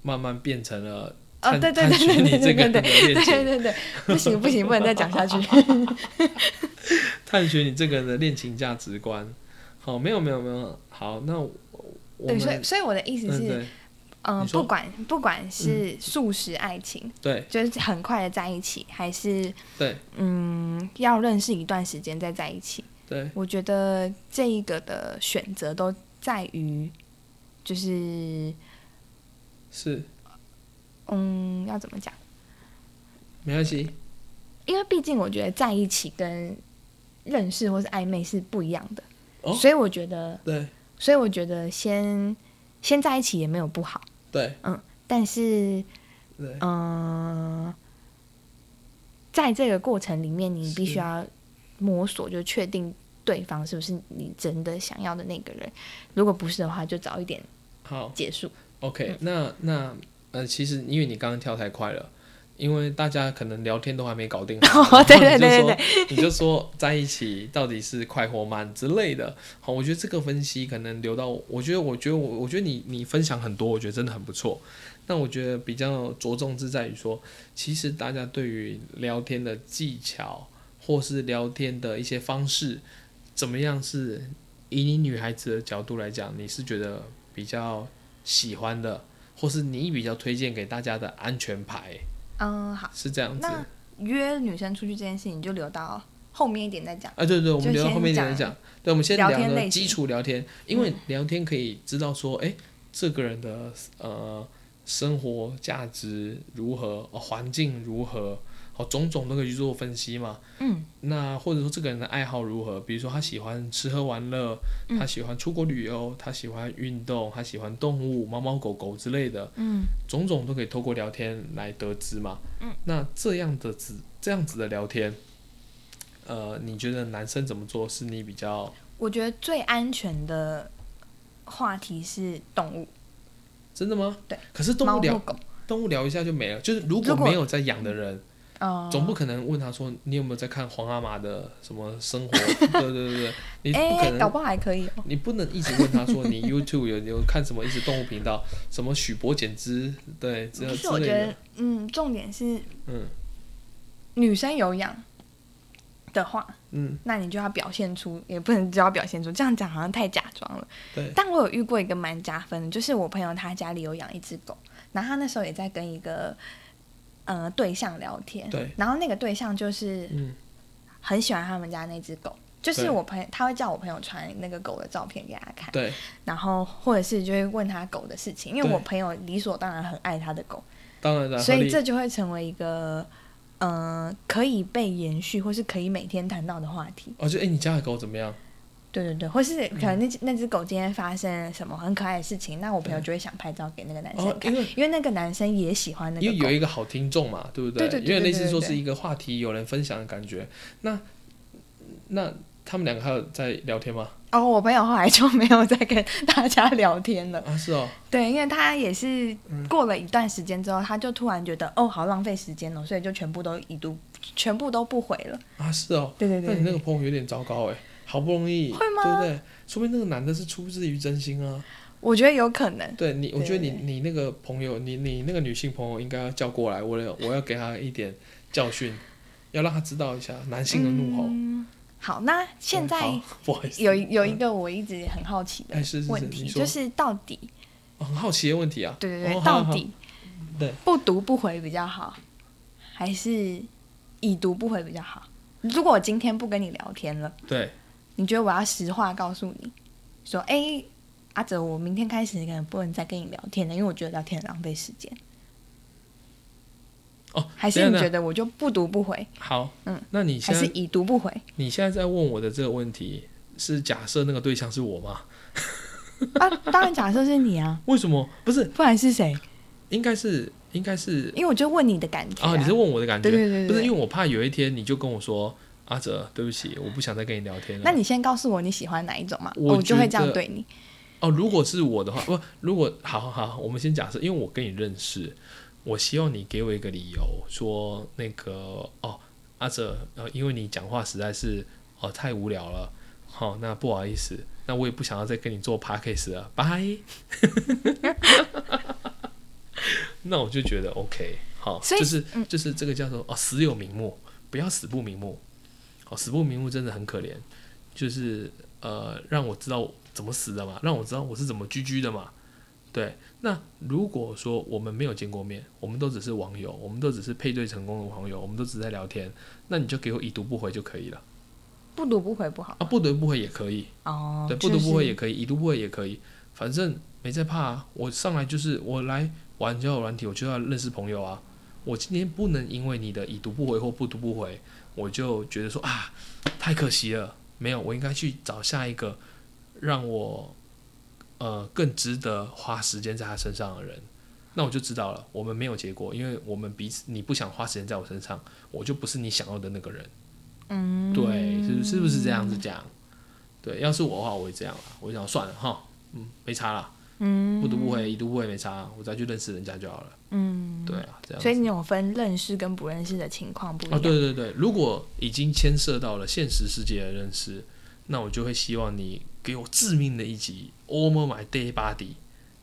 慢慢變成了啊、哦，對對對對對對對對，不行不行，不能再講下去。 探尋你這個人的戀情價值觀。好，沒有沒有沒有，好那。對，所以所以我的意思是，嗯，呃、不管不管是速食愛情、嗯，對，就是很快的在一起，還是對，嗯，要認識一段時間再在一起，對，我覺得這一個的選擇都在於，就是是，嗯，要怎麼講？沒關係、嗯，因為畢竟我覺得在一起跟認識或是曖昧是不一樣的，哦、所以我覺得對。所以我覺得先先在一起也沒有不好，對，嗯，但是，嗯，呃，在這個過程裡面，你必須要摸索，就確定對方是不是你真的想要的那個人。如果不是的話，就早一點好結束。OK，嗯，那那呃，其實因為你剛剛跳太快了。因為大家可能聊天都還沒搞定好， 對對對對你， 你就說在一起到底是快或慢之類的。好，我覺得這個分析可能留到，我覺得，我覺得我，我覺得你，你分享很多，我覺得真的很不錯。那我覺得比較着重是在於說，其實大家對於聊天的技巧，或是聊天的一些方式，怎麼樣是以你女孩子的角度來講，你是覺得比較喜歡的，或是你比較推薦給大家的安全牌？嗯，好，是這樣子。那約女生出去這件事，你就留到後面一點再講。啊，對對，我們留到後面一點再講。對，我們先聊個基礎聊天，嗯，因為聊天可以知道說，哎、欸，這個人的呃生活價值如何，環境如何。種種都可以去做分析嘛，嗯，那或者說這個人的愛好如何？比如說他喜歡吃喝玩樂，嗯，他喜歡出國旅遊，他喜歡運動，他喜歡動物，貓貓狗狗之類的，嗯，種種都可以透過聊天來得知嘛，嗯，那這樣的子這樣子的聊天，呃，你覺得男生怎麼做是你比較？我覺得最安全的話題是動物。真的嗎？對，可是動物聊動物聊一下就沒了，就是如果沒有在養的人。Uh, 總不可能問他說，你有沒有在看黃阿瑪的什麼生活？對 對對對，你不、欸欸、搞不好還可以、哦。你不能一直問他說你 YouTube 有有看什麼？一直動物頻道， 什麼許伯簡芝？對，只要其我覺得，嗯，重點是，嗯，女生有養的話，嗯，那你就要表現出，也不能只要表現出，這樣講好像太假裝了。對。但我有遇過一個蠻加分的，就是我朋友他家裡有養一隻狗，然後他那時候也在跟一個。呃，對象聊天，對，然後那個對象就是很喜歡他們家那只狗，嗯、就是我朋友，他會叫我朋友傳那個狗的照片給他看，對，然後或者是就會問他狗的事情，因為我朋友理所當然很愛他的狗，當然，當然。所以這就會成為一個嗯、呃、可以被延續或是可以每天談到的話題。哦，就哎，你家的狗怎麼樣？對對對，或是可能那隻、嗯、那隻狗今天發生什麼很可愛的事情，那我朋友就會想拍照給那個男生看，哦、因為、因為那個男生也喜歡那個。因為有一個好聽眾嘛，對不對？對對對對，對，對，對，對。因為類似說是一個話題，有人分享的感覺。那那他們兩個還有在聊天嗎？哦，我朋友後來就沒有再跟大家聊天了。啊，是哦。對，因為他也是過了一段時間之後、嗯，他就突然覺得哦，好浪費時間哦，所以就全部都已讀，全部都不回了。啊，是哦。對對對，對。那你那個朋友有點糟糕哎。好不容易嗎？對不對？說不定那個男的是出自於真心啊。我覺得有可能。對你，我覺得你對對對，你那個朋友，你你那個女性朋友，應該要叫過來。我要我要給他一點教訓， 要讓他知道一下男性的怒吼。嗯、好，那現在、嗯、好不好意思，有有一個我一直很好奇的問題，嗯、欸、是是是就是到底很好奇的問題啊？對對對，哦、好好好，到底對不讀不回比較好，還是已讀不回比較好？如果我今天不跟你聊天了，對。你覺得我要實話告訴你，說哎、欸，阿澤，我明天開始可能不能再跟你聊天了，因為我覺得聊天很浪費時間。哦，還是你覺得我就不讀不回？好，嗯，那你現在還是已讀不回？你現在在問我的這個問題是假設那個對象是我嗎？ 啊，當然假設是你啊。為什麼？不是，不然是誰？應該是，應該是，因為我就問你的感覺啊，哦、你是問我的感覺，對對，對對對，不是因為我怕有一天你就跟我說。阿哲，對不起，我不想再跟你聊天了。那你先告訴我你喜歡哪一種嘛，我就會這樣對你。哦，如果是我的話，不，如果好好，好，我們先假設，因為我跟你認識，我希望你給我一個理由，說那個哦，阿哲，呃、哦，因為你講話實在是哦太無聊了。好、哦，那不好意思，那我也不想要再跟你做 podcast 了。拜，拜。 那我就覺得 OK，好、哦，就是就是這個叫做哦，死有瞑目，不要死不瞑目。哦、死不瞑目真的很可憐，就是呃讓我知道我怎麼死的嘛，讓我知道我是怎麼 GG 的嘛。對，那如果說我們沒有見過面，我們都只是網友，我們都只是配對成功的網友，我們都只在聊天，那你就給我已讀不回就可以了。不讀不回不好啊，不讀不回也可以哦，oh, 對，不讀不回也可以，已、就是、已讀不回也可以，反正沒在怕啊。我上來就是我來玩交友軟體，我就要認識朋友啊。我今天不能因為你的已讀不回或不讀不回。我就覺得說啊，太可惜了，沒有我應該去找下一個讓我呃更值得花時間在他身上的人，那我就知道了，我們沒有結果，因為我們彼此你不想花時間在我身上，我就不是你想要的那個人，嗯，對，是是不是這樣子講？對，要是我的話，我會這樣，我就想算了哈，嗯，沒差了。嗯，不讀不回，已讀不回沒差，我再去認識人家就好了。嗯，對啊，這樣子。所以你有分認識跟不認識的情況不一樣？樣、哦、對對對，如果已經牽涉到了現實世界的認識，那我就會希望你給我致命的一擊，All my day body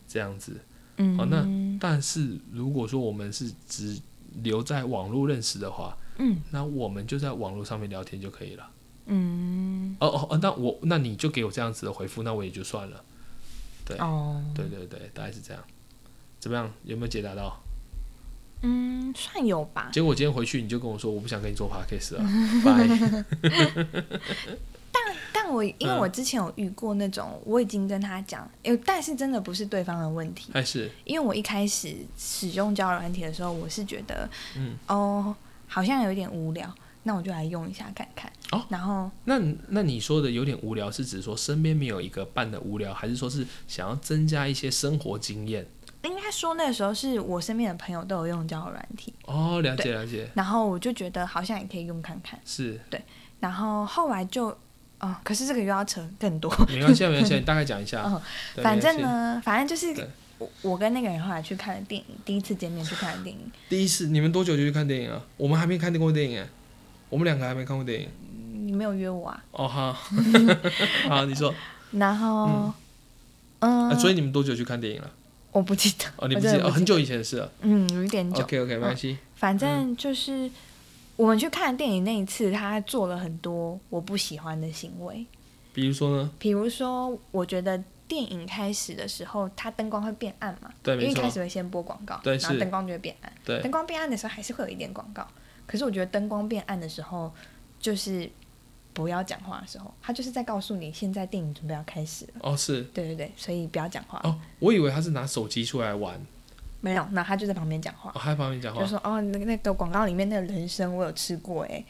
這樣子。嗯，好、哦，那但是如果說我們是只留在網絡認識的話，嗯，那我們就在網絡上面聊天就可以了。嗯，哦哦哦，那我那你就給我這樣子的回復，那我也就算了。對，哦，對對對，對，大概是這樣。怎麼樣？有沒有解答到？嗯，算有吧。結果今天回去你就跟我說，我不想跟你做 podcast 了。 Bye 但但我因為我之前有遇過那種，我已經跟他講，有、嗯，但是真的不是對方的問題。還、哎、是因為我一開始使用交友軟體的時候，我是覺得，嗯，哦，好像有點無聊。那我就來用一下看看，哦、然後那那你說的有點無聊，是指說身邊沒有一個伴的無聊，還是說是想要增加一些生活經驗？應該說那個時候是我身邊的朋友都有用交友軟體哦，了解了解。然後我就覺得好像也可以用看看，是對。然後後來就啊、哦，可是這個又要扯更多，沒關係沒關係， 大概講一下。嗯、哦，反正呢，反正就是我跟那個人後來去看電影，第一次見面去看電影。第一次你們多久就去看電影啊？我們還沒看見過電影、欸我們兩個還沒看過電影。你沒有約我啊？哦 好，你說。然後，嗯、呃啊。所以你們多久去看電影了？我不記得。哦，你不記得,我真的不記得、哦、很久以前的事了。嗯，有點久。OK OK，、嗯、沒關係。反正就是我們去看電影那一次，他做了很多我不喜歡的行為。比如說呢？比如說，我覺得電影開始的時候，它燈光會變暗嘛？對，沒錯。因為開始會先播廣告對，是，然後燈光就會變暗。對。燈光變暗的時候，還是會有一點廣告。可是我覺得燈光變暗的時候，就是不要講話的時候。他就是在告訴你，現在電影準備要開始了。哦，是對對對，所以不要講話。哦，我以為他是拿手機出來玩，沒有，那他就在旁邊講話。哦，他在旁邊講話，就說：“哦，那那個廣告裡面那個人參，我有吃過哎、欸、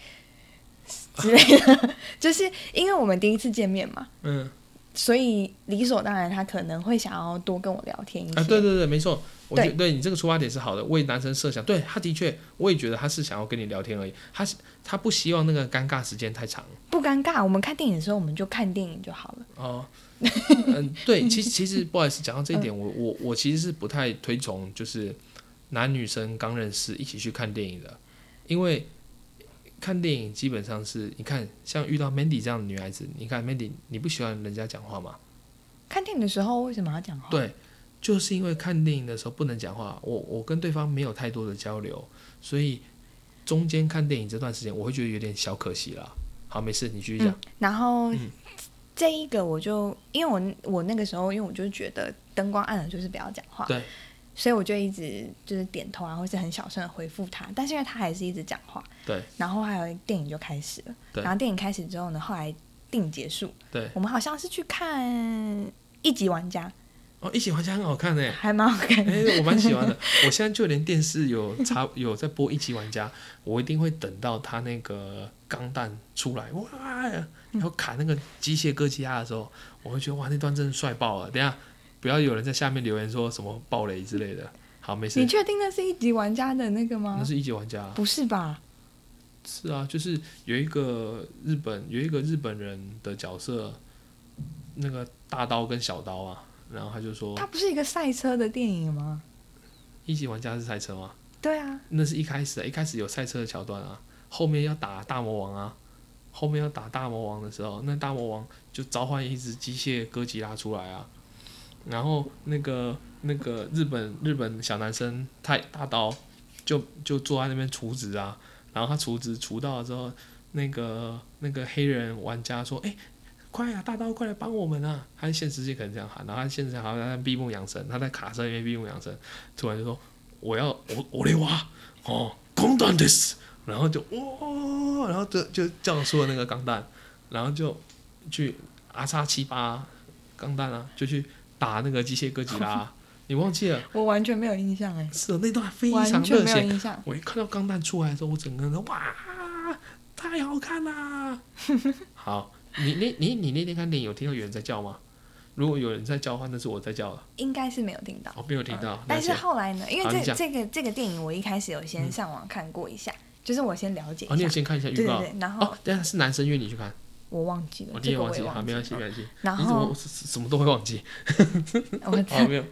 之類的。啊” 就是因為我們第一次見面嘛，嗯，所以理所當然，他可能會想要多跟我聊天一些。啊、對對對，沒錯。對，我覺得對你這個出發點是好的，為男生設想。對，他的確，我也覺得他是想要跟你聊天而已。他他不希望那個尷尬時間太長。不尷尬，我們看電影的時候，我們就看電影就好了。哦，嗯、呃， 對，其實其實不好意思，講到這一點，我我我其實是不太推崇，就是男女生剛認識一起去看電影的，因為看電影基本上是，你看像遇到 Mandy 這樣的女孩子，你看 Mandy，你不喜歡人家講話嗎？看電影的時候為什麼要講話？對。就是因為看電影的時候不能講話，我我跟對方沒有太多的交流，所以中間看電影這段時間，我會覺得有點小可惜了。好，沒事，你繼續講、嗯。然後、嗯、這一個我就因為我我那個時候，因為我就覺得燈光暗了，就是不要講話，對，所以我就一直就是點頭啊，然後是很小聲的回覆他。但是因為他還是一直講話，對，然後還有電影就開始了，對，然後電影開始之後呢，後來電影結束，對，我們好像是去看《一級玩家》。哦，一級玩家很好看呢。欸，還蠻好看誒、欸，我蠻喜歡的。 我現在就連電視有插有在播一級玩家，我一定會等到他那個鋼彈出來哇，然後砍那個機械哥吉拉的時候，我會覺得哇，那段真的帥爆了。等下不要有人在下面留言說什麼爆雷之類的，好沒事。你確定那是一級玩家的那個嗎？那是一級玩家。不是吧？是啊，就是有一個日本有一個日本人的角色，那個大刀跟小刀啊。然後他就說：“他不是一個賽車的電影嗎？一級玩家是賽車嗎？對啊，那是一開始一開始有賽車的橋段啊，後面要打大魔王啊，後面要打大魔王的時候，那大魔王就召喚一隻機械哥吉拉出來啊，然後那個那個日本日本小男生他大刀就就坐在那邊儲值啊，然後他儲值儲到了之後，那個那個黑人玩家說，哎。”快啊！大刀，快來幫我們啊！他在現實界可能這樣喊，然後他現實好像在閉目養神，他在卡車裡面閉目養神，突然就說：“我要我我來挖哦，空彈です！”然後就哇、哦，然後就就叫出了那個鋼彈，然後就去 RX 七八鋼、啊、彈啊，就去打那個機械哥吉拉。 你忘記了？我完全沒有印象哎、欸。是，那段非常熱血印象。我一看到鋼彈出來的時候，我整個人都哇，太好看啦、啊！ 好。你那你你你那天看電影有聽到有人在叫嗎？如果有人在叫的話，那是我在叫了。應該是沒有聽到，我、哦、沒有聽到、嗯。但是後來呢？因為這、啊、這個這個電影，我一開始有先上網看過一下、嗯，就是我先了解一下。哦，你有先看一下預告。對對對，然後哦，對啊，是男生約你去看。我忘記了，你也忘記了，沒關係，沒關係。然後你怎麼，什麼都會忘記。我、 啊、沒有。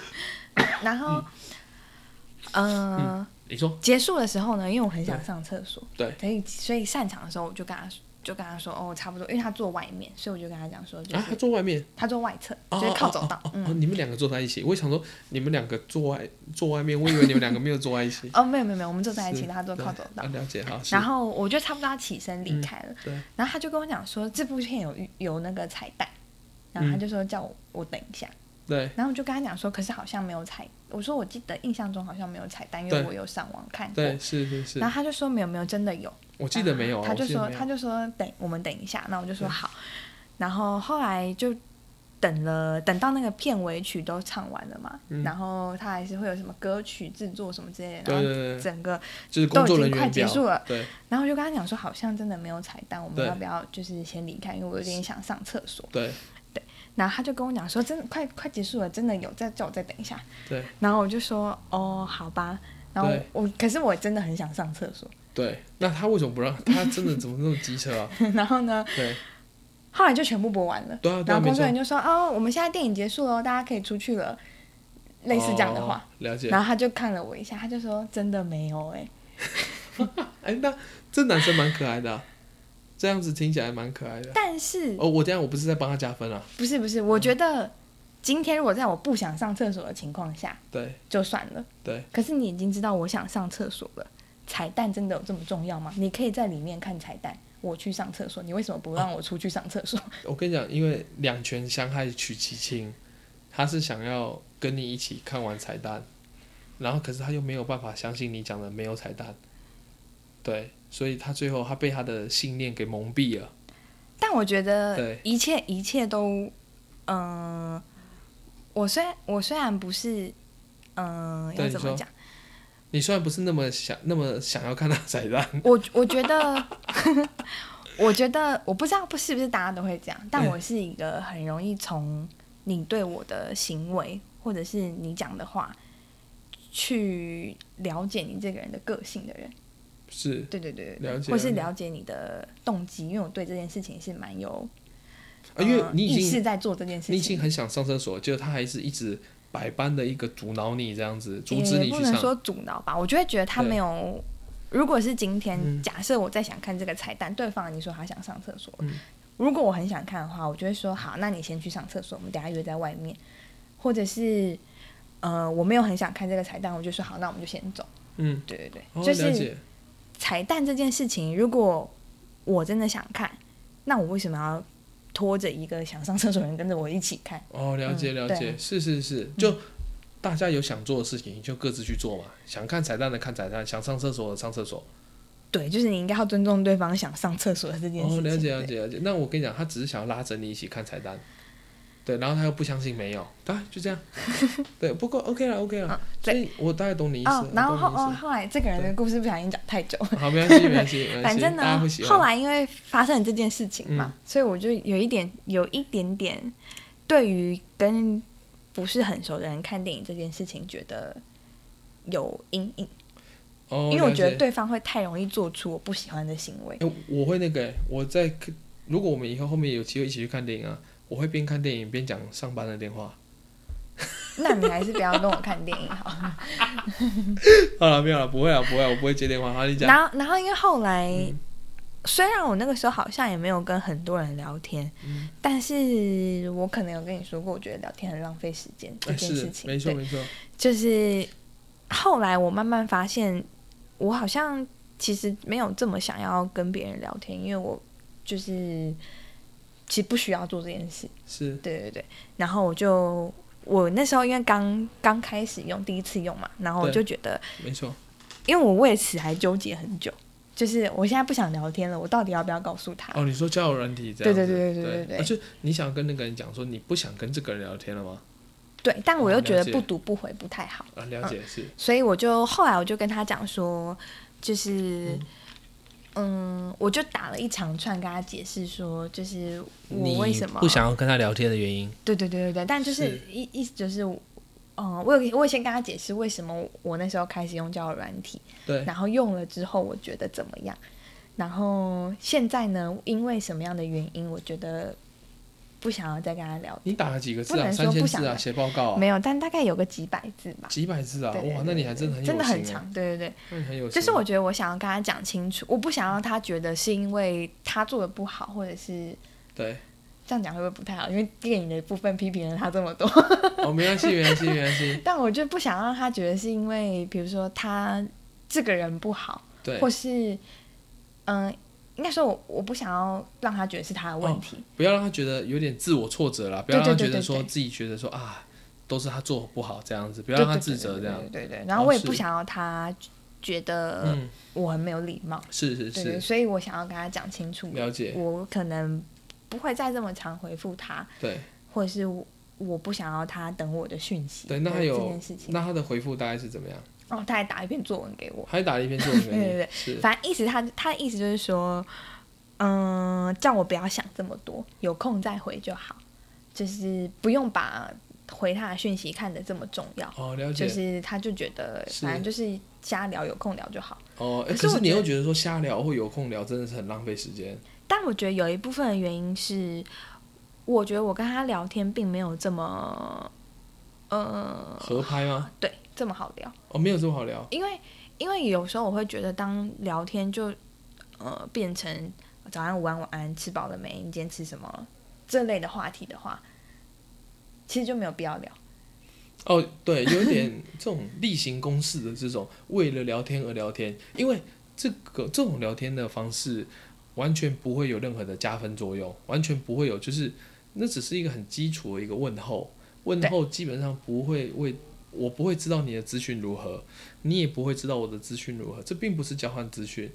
然後 嗯、呃，嗯，你說結束的時候呢？因為我很想上廁所，對，所以所以散場的時候我就跟他說。就跟他說哦，差不多，因為他坐外面，所以我就跟他講說、就是，啊，他坐外面，他坐外側、哦，就是靠走道。哦哦哦哦、嗯，你們兩個坐在一起，我想說你們兩個坐外坐外面，我以為你們兩個沒有坐在一起。 哦，沒有沒有，沒有我們坐在一起，他坐靠走道。啊、了解哈。然後我就差不多他起身離開了、嗯。對。然後他就跟我講說，說，這部片有有那個彩蛋，然後他就說叫我、嗯、我等一下。對。然後我就跟他講說，可是好像沒有彩，我說我記得印象中好像沒有彩蛋，因為我有上網看過。對，對是是是。然後他就說沒有沒有，真的有。我記，啊、我記得沒有，他就說他就說等我們等一下，那我就說好，然後後來就等了，等到那個片尾曲都唱完了嘛，嗯、然後他還是會有什麼歌曲制作什麼之類的，對對對，然後整個就是都已經快結束了，就是、然後我就跟他講說，好像真的沒有彩蛋，我們要不要就是先離開？因為我有點想上廁所。對，對然後他就跟我講說，真的快快結束了，真的有再叫我再等一下。對，然後我就說哦好吧，然後我可是我真的很想上廁所。對，那他為什麼不讓？他真的怎麼那麼機車啊？ 然後呢？對，後來就全部播完了。啊、然後工作人員就說：“哦，我們現在電影結束了，大家可以出去了。”類似這樣的話、哦。了解。然後他就看了我一下，他就說：“真的沒有哎、欸。 ”哎、欸，那這男生蠻可愛的、啊， 這樣子聽起來蠻可愛的。但是哦，我這樣我不是在幫他加分了、啊？不是不是、嗯，我覺得今天如果在我不想上廁所的情況下，對，就算了。對。可是你已經知道我想上廁所了。彩蛋真的有這麼重要嗎？你可以在裡面看彩蛋，我去上廁所，你為什麼不讓我出去上廁所、啊？我跟你講，因為兩權相害取其輕，他是想要跟你一起看完彩蛋，然後可是他又沒有辦法相信你講的沒有彩蛋，對，所以他最後他被他的信念給蒙蔽了。但我覺得一切一切都，嗯、呃，我雖然我雖然不是，嗯、呃，要怎麼講？你雖然不是那麼想那麼想要看到彩蛋，我我覺得， 我覺得我不知道是不是大家都會這樣，但我是一個很容易從你對我的行為或者是你講的話去了解你這個人的個性的人，是對對對了解，啊，或是了解你的動機，因為我對這件事情是蠻有，因為你已經、呃、意識在做這件事情，你已經很想上廁所，結果他還是一直。百般的一個阻撓你這樣子，也也阻止你去上，不能說阻撓吧，我就會覺得他沒有。如果是今天，假設我在想看這個彩蛋，嗯、對方你說他想上廁所、嗯，如果我很想看的話，我就會說好，那你先去上廁所，我們等下約在外面。或者是，呃，我沒有很想看這個彩蛋，我就說好，那我們就先走。嗯，對對對，哦、就是彩蛋這件事情，如果我真的想看，那我為什麼要？拖着一個想上廁所的人跟着我一起看。哦，了解了解、嗯，是是是、嗯，就大家有想做的事情就各自去做嘛，嗯、想看彩蛋的看彩蛋，想上廁所的上廁所，對，就是你應該要尊重對方想上廁所的這件事情。哦，了解了解了解。那我跟你講，他只是想要拉着你一起看彩蛋。對，然後他又不相信沒有，對、啊，就這樣。 對，不過 OK 了，OK 了、哦。所以我大概懂你意思。哦、然後後哦，後來這個人的故事不小心講太久。好，沒關係，沒關係。 反正呢，後來因為發生了這件事情嘛、嗯，所以我就有一點，有一點點對於跟不是很熟的人看電影這件事情，覺得有陰影、哦。因為我覺得對方會太容易做出我不喜歡的行為。哎、我會那個，哎，我在。如果我們以後後面有機會一起去看電影啊。我會邊看電影邊講上班的電話。 那你還是不要跟我看電影 好。好了，沒有了，不會了，不會，我不會接電話。好，你講。然後，然後因為後來、嗯，雖然我那個時候好像也沒有跟很多人聊天，嗯，但是我可能有跟你說過，我覺得聊天很浪費時間這件事情。沒錯，沒錯。就是後來我慢慢發現，我好像其實沒有這麼想要跟別人聊天，因為我就是。其實不需要做這件事，是，對對對。然後我就，我那時候因為剛剛開始用，第一次用嘛，然後我就覺得，沒錯，因為我為此還糾結很久。就是我現在不想聊天了，我到底要不要告訴他？哦，你說交友軟體這樣？對對對對對對對、對、啊。就你想跟那個人講說，你不想跟這個人聊天了嗎？對，但我又覺得不讀不回不太好啊、哦。了解、嗯、是。所以我就後來我就跟他講說，就是。嗯嗯，我就打了一長串跟他解釋說，就是我為什麼不想要跟他聊天的原因。對對對對對，但就是意意思就是，呃，我，嗯，我有我先跟他解釋為什麼我那時候開始用交友軟體，對，然後用了之後我覺得怎麼樣，然後現在呢，因為什麼樣的原因，我覺得。不想要再跟他聊天。你打了幾個字、啊？不能說不想啊，三千字啊，寫報告、啊。沒有，但大概有個幾百字吧。幾百字啊，對對對對哇，那你還真的很有、啊。真的很長，對對對。很有。就是我覺得我想要跟他講清楚，我不想讓他覺得是因為他做的不好，或者是。對。這樣講會不會不太好？因為電影的部分批評了他這麼多。 哦，沒關係，沒關係，沒關係。但我就不想讓他覺得是因為，比如說他這個人不好，對，或是嗯。那時候我不想要讓他覺得是他的問題，哦，不要讓他覺得有點自我挫折啦，不要讓他覺得說自己覺得說對對對對對對啊，都是他做不好這樣子，不要讓他自責這樣。對對，對，對，對，對，對，對，對對，然後我也不想要他覺得我很沒有禮貌，哦是嗯，是是是對對對，所以我想要跟他講清楚，了解。我可能不會再這麼常回復他，對，或者是我不想要他等我的訊息。對，那他有這件事情，那他的回復大概是怎麼樣？哦、他還打一篇作文給我，還打了一篇作文給我。 對對對是，反正意思他他的意思就是說，嗯、呃，叫我不要想這麼多，有空再回就好，就是不用把回他的訊息看得這麼重要。哦，了解。就是他就覺得，反正就是瞎聊，有空聊就好。哦、呃欸，可是你又覺得說瞎聊或有空聊真的是很浪費時間。但我覺得有一部分的原因是，我覺得我跟他聊天並沒有這麼，呃，合拍嗎？對。這麼好聊？哦，沒有這麼好聊。因為，因為有時候我會覺得，當聊天就，呃，變成早安、午安、晚安，吃飽了沒？你今天吃什麼？這類的話題的話，其實就沒有必要聊。哦，對，有點這種例行公事的這種 為了聊天而聊天，因為這個這種聊天的方式完全不會有任何的加分作用，完全不會有，就是那只是一個很基礎的一個問候，問候基本上不會為。我不會知道你的資訊如何，你也不會知道我的資訊如何，這並不是交換資訊。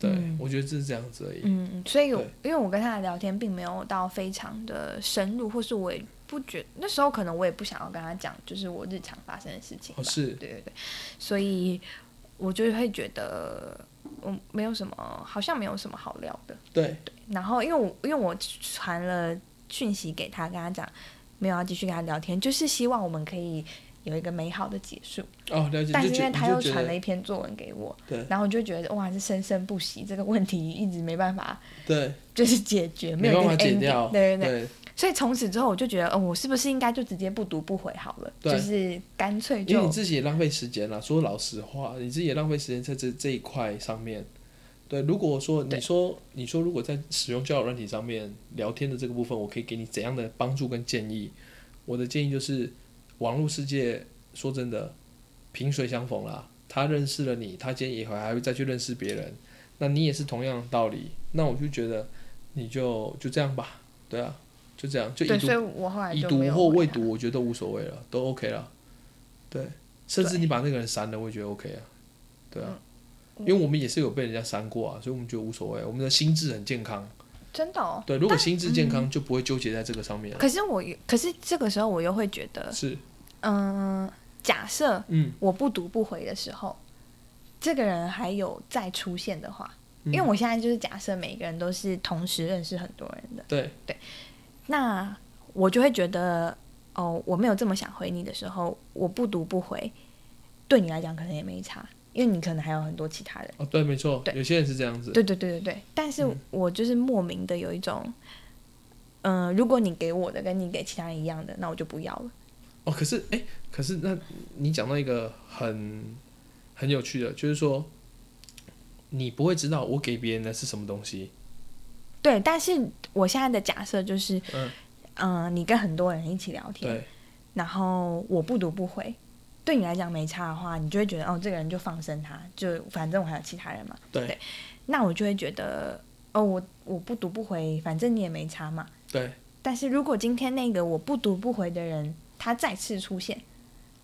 對、嗯，我覺得就是這樣子而已。嗯，所以因為我跟他的聊天並沒有到非常的深入，或是我也不覺得那時候可能我也不想要跟他講，就是我日常發生的事情。哦。是。對對對，所以我就會覺得我沒有什麼，好像沒有什麼好聊的。對。對，然後因為我因為我傳了訊息給他，跟他講沒有要繼續跟他聊天，就是希望我們可以。有一個美好的結束哦，了解。但是他又傳了一篇作文給我，對，然後我就覺得哇，是生生不息這個問題一直沒辦法對，就是解決沒有沒辦法解掉，對對對。對所以從此之後我就覺得，哦，我是不是應該就直接不讀不回好了？就是乾脆就。因為你自己也浪費時間了，說老實話，你自己也浪費時間在這這一塊上面。對，如果說你說你說如果在使用交友軟體上面聊天的這個部分，我可以給你怎樣的幫助跟建議？我的建議就是。網絡世界，說真的，萍水相逢啦。他認識了你，他今天以後還會再去認識別人。那你也是同樣的道理。那我就覺得，你就就這樣吧，對啊，就這樣，就已讀或未讀，我覺得都無所謂了，都 OK 了。對，甚至你把那個人刪了，我也覺得 OK 啊。對啊、嗯，因為我們也是有被人家刪過啊，所以我們覺得無所謂，我們的心智很健康。真的哦，對，如果心智健康，嗯，就不會糾結在這個上面，啊。可是我，可是這個時候我又會覺得是，嗯，呃，假設，嗯，我不讀不回的時候，嗯，這個人還有再出現的話，嗯，因為我現在就是假設每個人都是同時認識很多人的，對對。那我就會覺得，哦，我沒有這麼想回你的時候，我不讀不回，對你來講可能也沒差。因為你可能還有很多其他人哦，對，沒錯，有些人是這樣子，對對對對對。但是我就是莫名的有一種，嗯，呃、如果你給我的跟你給其他人一樣的，那我就不要了。哦，可是，哎、欸，可是，那你講到一個很很有趣的，就是說，你不會知道我給別人的是什麼東西。對，但是我現在的假設就是，嗯，嗯、呃，你跟很多人一起聊天，然後我不讀不回。對你來講沒差的話，你就會覺得哦，這個人就放生他，就反正我還有其他人嘛。對。對，那我就會覺得哦，我我不讀不回，反正你也沒差嘛。對。但是如果今天那個我不讀不回的人，他再次出現，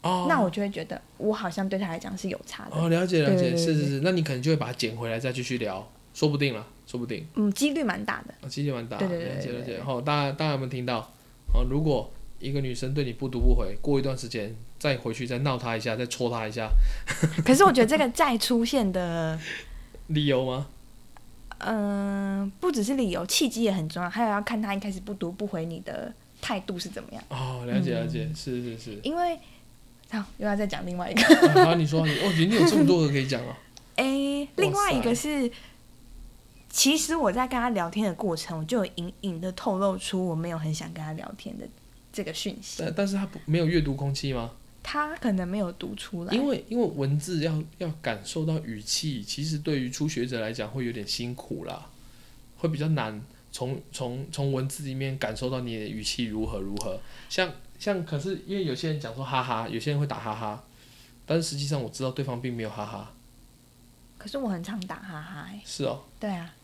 哦，那我就會覺得我好像對他來講是有差的。哦，了解了解，對對對對，是是是。那你可能就會把它撿回來，再繼續聊，說不定啦，說不定。嗯，幾率蠻大的。啊、哦，幾率蠻大的。對對，對，對，了解。然後、哦、大家大家有沒有聽到？哦，如果一個女生對你不讀不回，過一段時間。再回去再鬧他一下，再戳他一下。 可是我覺得這個再出現的 理由嗎？嗯、呃，不只是理由，契機也很重要，還有要看他一開始不讀不回你的態度是怎麼樣。哦，了解了解，嗯、是是是。因為好。又要再講另外一個。 啊、好，你說你覺得你有這麼多個可以講啊。哎、 欸，另外一個是，其實我在跟他聊天的過程，我就有隱隱的透露出我沒有很想跟他聊天的這個訊息。但但是他不沒有閱讀空氣嗎？他可能沒有讀出來，因為因為文字要要感受到語氣，其實對於初學者來講會有點辛苦啦，會比較難從從從文字裡面感受到你的語氣如何如何。像像可是因為有些人講說哈哈，有些人會打哈哈，但實際上我知道對方並沒有哈哈。可是我很常打哈哈哎。是哦。對啊。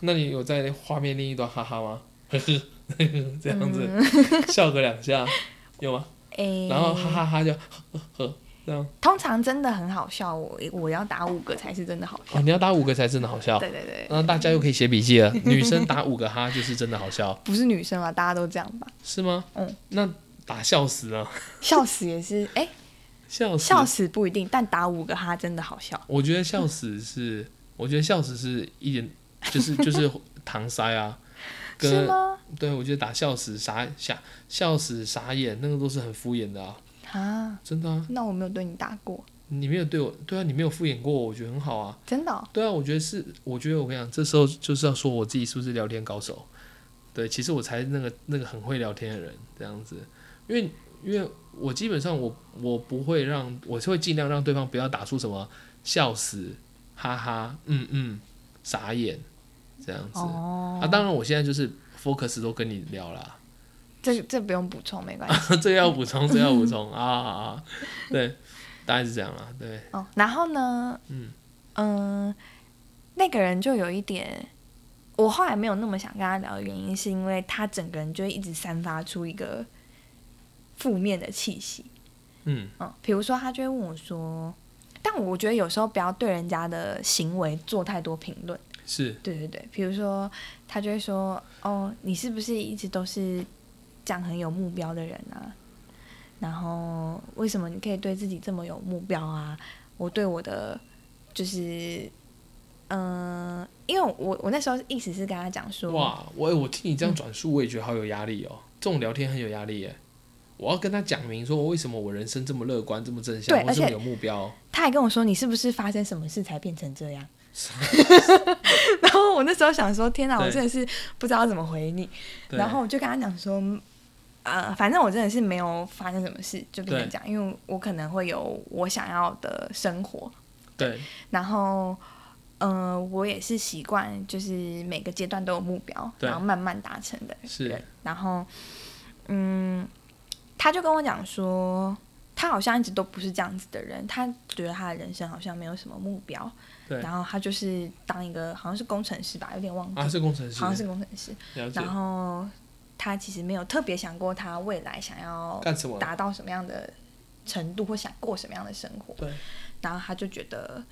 那你有在畫面另一端哈哈嗎？呵呵呵呵這樣子笑個兩下， 有嗎？欸、然後哈，哈哈哈就呵呵呵。這樣，通常真的很好笑。我我要打五個才是真的好笑。哦。你要打五個才真的好笑。對對對，那大家又可以寫筆記了。 女生打五個哈就是真的好笑。不是女生吧？大家都這樣吧？是嗎？嗯，那打笑死呢？笑死也是哎，欸，笑死笑死不一定，但打五個哈真的好笑。我覺得笑死是，嗯，我覺得笑死是一點就是就是搪塞啊。 跟對，我覺得打笑死傻傻笑、笑死傻眼，那個都是很敷衍的啊。啊真的、啊、那我沒有對你打過。你沒有對我，對啊，你沒有敷衍過我，我覺得很好啊。真的哦？對啊，我覺得是，我覺得我跟你講，這時候就是要說我自己是不是聊天高手？對，其實我才是那個那個很會聊天的人，這樣子，因為因為我基本上我我不會讓，我是會盡量讓對方不要打出什麼笑死，哈哈，嗯嗯，傻眼。這樣子，oh. 啊、當然，我現在就是 focus 都跟你聊了，這這不用補充，沒關係。 這要補充，這要補充 啊、啊、啊、啊！對， 大概是這樣啊，對。哦、oh，然後呢？嗯嗯、呃，那個人就有一點，我後來沒有那麼想跟他聊的原因，是因為他整個人就會一直散發出一個負面的氣息。嗯嗯，哦、比如說他就會問我說，但我覺得有時候不要對人家的行為做太多評論。是對對對，比如說他就會說哦，你是不是一直都是這樣很有目標的人啊？然後為什麼你可以對自己這麼有目標啊？我對我的就是嗯、呃，因為我我那時候意思是跟他講說哇，我我聽你這樣轉述，我也覺得好有壓力哦、喔嗯。這種聊天很有壓力耶。我要跟他講明說，我為什麼我人生這麼樂觀，這麼正向，我這麼有目標。他還跟我說，你是不是發生什麼事才變成這樣？ 然後我那時候想說，天哪，我真的是不知道怎麼回你。然後我就跟他講說，啊、呃，反正我真的是沒有發生什麼事，就跟他講，因為我可能會有我想要的生活。對。對然後，嗯、呃，我也是習慣，就是每個階段都有目標，然後慢慢達成的對是。然後，嗯，他就跟我講說，他好像一直都不是這樣子的人，他覺得他的人生好像沒有什麼目標。然後他就是當一個好像是工程師吧，有點忘記、啊、是工程師，好像是工程師。然後他其實沒有特別想過他未來想要達到什麼樣的程度，或想過什麼樣的生活。對。然後他就覺得，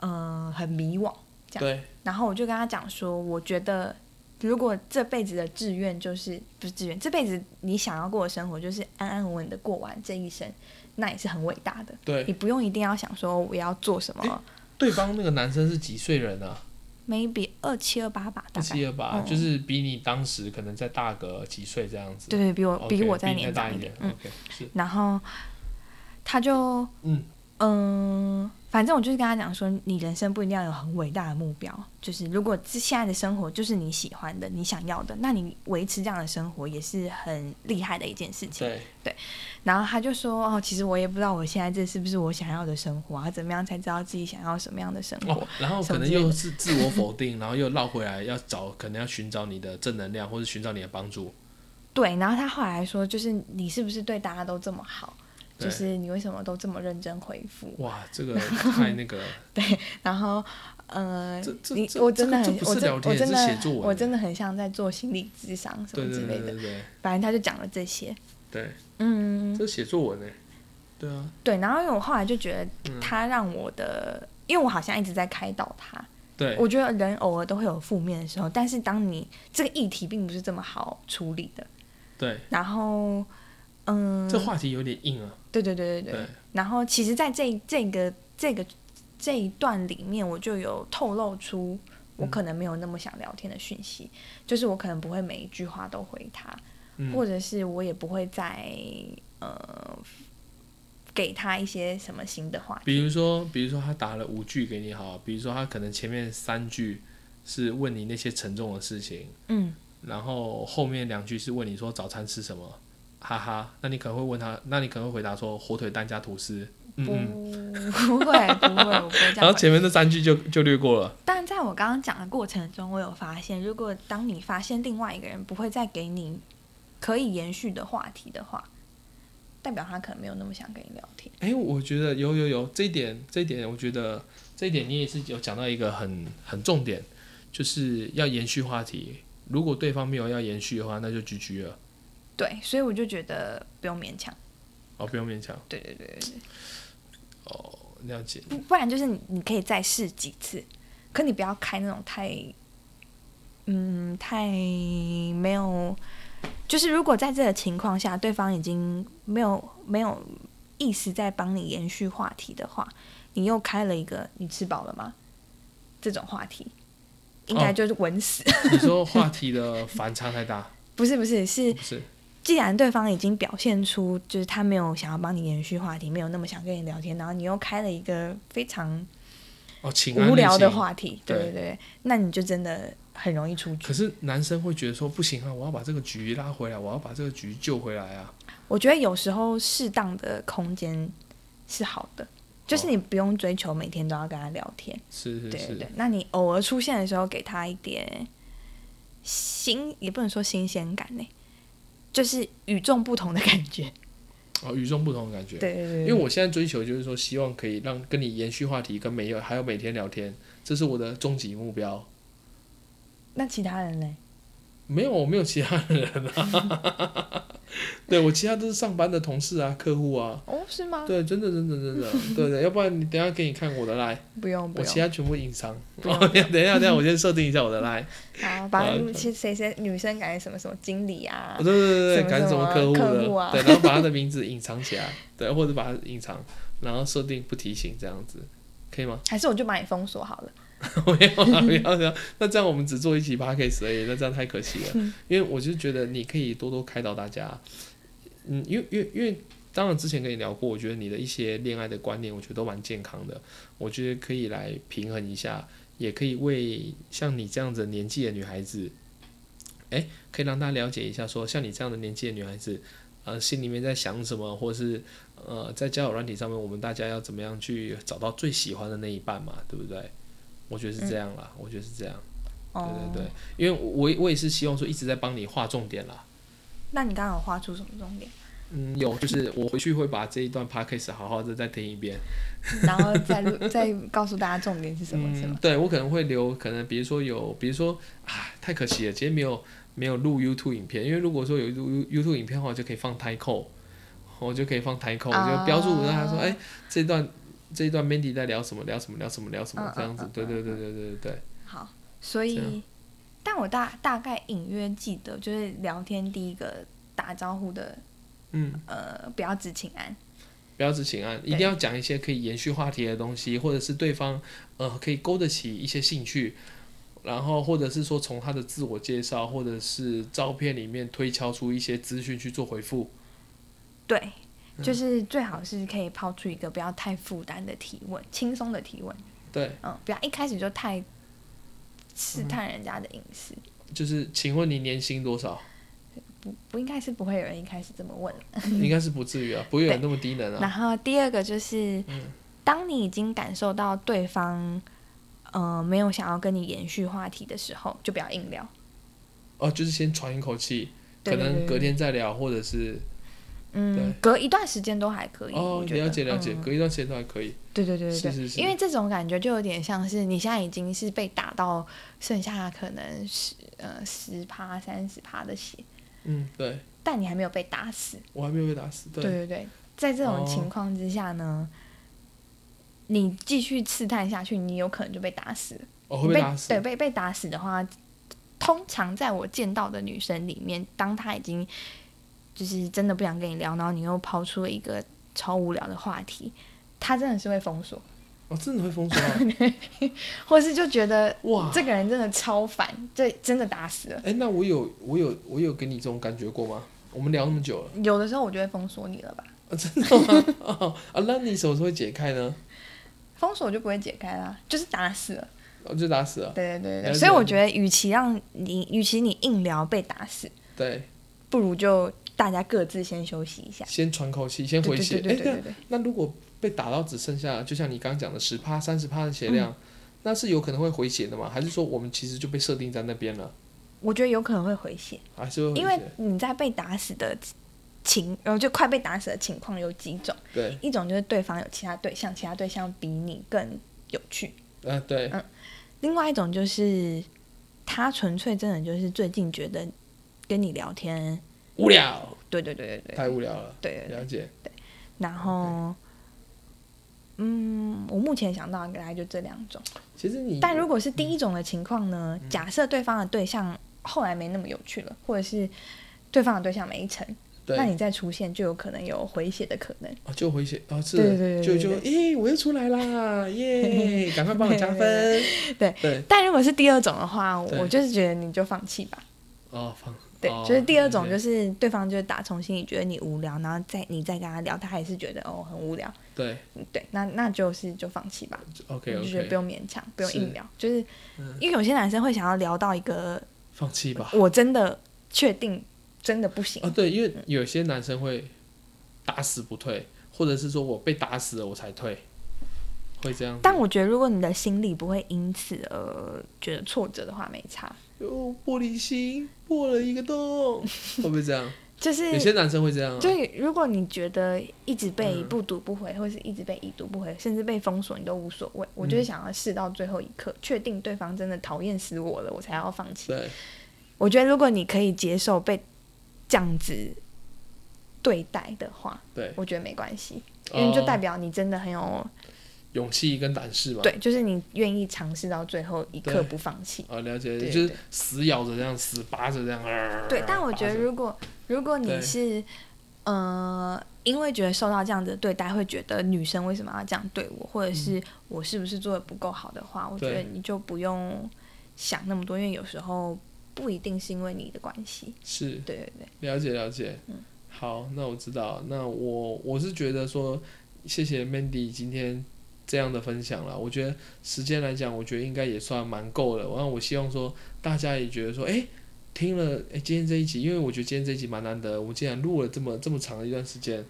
嗯、呃，很迷惘這樣。對。然後我就跟他講說，我覺得如果這輩子的志願就是，不是志願，這輩子你想要過的生活就是安安穩穩的過完這一生，那也是很偉大的。對。你不用一定要想說我要做什麼。對方那個男生是幾歲人啊？maybe 二七二八吧，大概二七二八，就是比你當時可能再大個幾歲這樣子。對，對，比我 okay, 比我再年長一點。一點嗯 okay，是，然後他就嗯。呃反正我就是跟他講說，你人生不一定要有很偉大的目標，就是如果現在的生活就是你喜歡的、你想要的，那你維持這樣的生活也是很厲害的一件事情。對，對，然後他就說，哦，其實我也不知道我現在這是不是我想要的生活啊？怎麼樣才知道自己想要什麼樣的生活？哦，然後可能又是自我否定， 然後又繞回來要找，可能要尋找你的正能量，或者尋找你的幫助。對，然後他後來說，就是你是不是對大家都這麼好？就是你為什麼都這麼認真回覆？哇，這個太那個。對，然後，呃，你我真的很、這個、我我真的我真的很像在做心理諮商什麼之類的。對對對對反正他就講了這些。對。嗯。這寫作文呢？對啊。對，然後因為我後來就覺得，他讓我的、嗯，因為我好像一直在開導他。對。我覺得人偶爾都會有負面的時候，但是當你這個議題並不是這麼好處理的。對。然後，嗯，這話題有點硬啊。對對對對對，對然後其實，在這這個這個這一段裡面，我就有透露出我可能沒有那麼想聊天的訊息，嗯、就是我可能不會每一句話都回他，嗯、或者是我也不會再呃給他一些什麼新的話題，比如說，比如說他打了五句給你哈，比如說他可能前面三句是問你那些沉重的事情，嗯，然後後面兩句是問你說早餐吃什麼。哈哈，那你可能會問他，那你可能會回答說火腿蛋加吐司，不、嗯，不會，不會， 我不會加。然後前面這三句就就略過了。但在我剛剛講的過程中，我有發現，如果當你發現另外一個人不會再給你可以延續的話題的話，代表他可能沒有那麼想跟你聊天。哎，我覺得有有有這一點，這一點我覺得這一點你也是有講到一個很很重點，就是要延續話題。如果對方沒有要延續的話，那就 GG 了。對，所以我就覺得不用勉強。哦，不用勉強。對對對對。哦，了解不。不然就是你，你可以再試幾次，可你不要開那種太，嗯，太沒有。就是如果在這個情況下，對方已經沒有沒有意思在幫你延續話題的話，你又開了一個“你吃飽了嗎”這種話題，應該就是穩死。啊、 你說話題的反差太大？不是不是是。既然對方已經表現出，就是他沒有想要幫你延續話題，沒有那麼想跟你聊天，然後你又開了一個非常無聊的話題，哦、對對對、對，那你就真的很容易出局。可是男生會覺得說不行啊，我要把這個局拉回來，我要把這個局救回來啊。我覺得有時候適當的空間是好的好，就是你不用追求每天都要跟他聊天，是是是，對、對、對。那你偶爾出現的時候，給他一點新，也不能說新鮮感呢、欸。就是與眾不同的感覺，哦，與眾不同的感覺，對，對，對，對，因為我現在追求就是說，希望可以讓跟你延續話題，跟沒有還有每天聊天，這是我的終極目標。那其他人呢？沒有，我沒有其他的人啊。 對，我其他都是上班的同事啊，客戶啊。哦，是嗎？對，真的，真的，真的， 對，對，對要不然你等一下給你看我的 LINE。不用不用。我其他全部隱藏、 哦。等一下，等一下，我先設定一下我的 LINE。好，把其誰誰女生改成什麼什麼經理啊。對對對對，改成什麼客戶啊。對，然後把她的名字隱藏起來， 對，或者把她隱藏，然後設定不提醒這樣子，可以嗎？還是我就把你封鎖好了。 沒有、啊，沒有，沒有。那這樣我們只做一期 podcast，所以那這樣太可惜了。因為我就覺得你可以多多開導大家。嗯，因為因為當然之前跟你聊過，我覺得你的一些戀愛的觀念，我覺得都蠻健康的。我覺得可以來平衡一下，也可以為像你這樣子年紀的女孩子，哎、欸，可以讓她了解一下，說像你這樣的年紀的女孩子，啊、呃，心裡面在想什麼，或者是呃，在交友軟體上面，我們大家要怎麼樣去找到最喜歡的那一半嘛？對不對？我覺得是這樣啦，嗯、我覺得是這樣、哦，對對對，因為我我也是希望說一直在幫你畫重點啦。那你剛好畫出什麼重點？嗯，有，就是我回去會把這一段 Podcast 好好的再聽一遍， 然後再 再告訴大家重點是什麼、嗯是嗎，對，我可能會留，可能比如說有，比如說啊，太可惜了，今天沒有沒有錄 YouTube 影片，因為如果說有錄 YouTube 影片的話，就可以放 title，我就可以放 title，就, Ti、uh... 就標注，然後他說哎、欸，這段。這一段 Mandy 在聊什麼？聊什麼？聊什麼？聊什麼？這樣子，對對對對對對,對,對、嗯嗯嗯嗯嗯、好，所以，但我大大概隱約記得，就是聊天第一個打招呼的，嗯，呃，不要只請安，不要只請安，一定要講一些可以延續話題的東西，或者是對方，呃，可以勾得起一些興趣，然後或者是說從他的自我介紹或者是照片裡面推敲出一些資訊去做回覆，對。就是最好是可以拋出一個不要太負擔的提問，輕鬆的提問。對。嗯，不要一開始就太試探人家的隱私。就是，請問你年薪多少？不不應該是不會有人一開始這麼問。應該是不至於啊，不會有人那麼低能啊。 然後第二個就是，當你已經感受到對方嗯、呃、沒有想要跟你延續話題的時候，就不要硬聊。哦、呃，就是先喘一口氣，可能隔天再聊，對對對，或者是。嗯，隔一段時間都還可以。哦、我覺得了解了解、嗯，隔一段時間都還可以。對對對對，對，是是是是因為這種感覺就有點像是你現在已經是被打到剩下可能十、呃、十趴三十趴的血。嗯，對。但你還沒有被打死。我還沒有被打死。對對，對對，在這種情況之下呢，哦、你繼續刺探下去，你有可能就被打死。哦，會被打死。對，被被打死的話，通常在我見到的女生裡面，當她已經。就是真的不想跟你聊，然後你又拋出了一個超無聊的話題，他真的是會封鎖，我、哦、真的會封鎖，啊， 或是就覺得哇，這個人真的超煩，對，真的打死了。哎、欸，那我有我有我有給你這種感覺過嗎？我們聊那麼久了，嗯、有的時候我就會封鎖你了吧、哦？真的嗎？啊、 哦，那你什麼時候會解開呢？ 封鎖就不會解開啦，就是打死了，哦、就打死了。對對對、對、對、哎，所以我覺得，與其讓你，與其你硬聊被打死，對，不如就。大家各自先休息一下，先喘口氣，先回血。對對對，對，對，對、欸，那如果被打到只剩下，就像你剛講的十趴、三十趴的血量、嗯，那是有可能會回血的嗎？還是說我們其實就被設定在那邊了？我覺得有可能會回血，還、啊、是因為你在被打死的情，然後就快被打死的情況有幾種？對，一種就是對方有其他對象，其他對象比你更有趣。嗯，對。嗯、另外一種就是他純粹真的就是最近覺得跟你聊天。無聊，對對對對對，太無聊了。對，對，對，了解。對，然後，嗯，我目前想到的應該就這兩種。其實你，但如果是第一種的情況呢？嗯、假設對方的對象後來沒那麼有趣了，嗯、或者是對方的對象沒成，那你再出現就有可能有回血的可能。哦，就回血哦，是的，對，對，對，對，對對，就就咦、欸，我又出來啦， 耶！趕快幫我加分 對對對對對。對，但如果是第二種的話，我就是覺得你就放棄吧。哦，放。對、哦，就是第二種，就是對方就是打從心裡覺得你無聊，嗯 okay. 然後再你再跟他聊，他還是覺得哦很無聊。對，對，那那就是就放棄吧。嗯、OK，我、okay, 覺得不用勉強，不用硬聊，是就是、嗯、因為有些男生會想要聊到一個放棄吧。我真的確定真的不行、哦、對，因為有些男生會打死不退，或者是說我被打死了我才退，會這樣。但我覺得如果你的心理不會因此而覺得挫折的話，沒差。有、哎、玻璃心破了一個洞，會不會這樣？ 就是有些男生會這樣、啊。對，如果你覺得一直被不讀不回、嗯，或是一直被已讀不回，甚至被封鎖，你都無所謂。我就是想要試到最後一刻，確、嗯、定對方真的討厭死我了，我才要放棄。對，我覺得如果你可以接受被這樣子對待的話，對，我覺得沒關係，因為就代表你真的很有勇氣跟膽識吧，對，就是你願意嘗試到最後一刻不放棄，哦、呃，了解，就是死咬着這樣，死扒着這樣對、呃，對。但我覺得，如果如果你是，呃，因為覺得受到這樣子的對待，會覺得女生為什麼要這樣對我，或者是我是不是做得不夠好的話、嗯，我覺得你就不用想那麼多，因為有時候不一定是因為你的關係，是，對對對，了解了解，嗯，好，那我知道，那我我是覺得說，謝謝 Mandy 今天。這樣的分享了，我覺得時間來講，我覺得應該也算蠻夠了。然後我希望說，大家也覺得說，哎、欸，聽了哎、欸、今天這一集，因為我覺得今天這一集蠻難得的，我竟然錄了這麼這麼長的一段時間。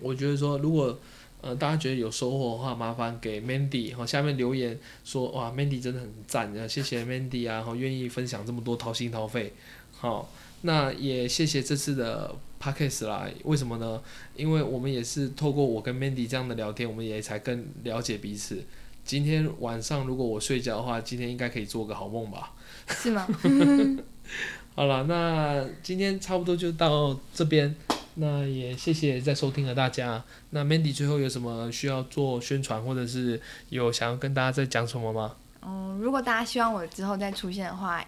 我覺得說，如果呃大家覺得有收穫的話，麻煩給 Mandy 好，下面留言說，哇 Mandy 真的很贊、啊，謝謝 Mandy 啊，然後願意分享這麼多掏心掏肺。好，那也謝謝這次的。Podcast 啦，為什麼呢？因為我們也是透過我跟 Mandy 這樣的聊天，我們也才更了解彼此。今天晚上如果我睡覺的話，今天應該可以做個好夢吧？是嗎？ 好了，那今天差不多就到這邊。那也謝謝在收聽的大家。那 Mandy 最後有什麼需要做宣傳，或者是有想要跟大家再講什麼嗎？嗯、呃，如果大家希望我之後再出現的話，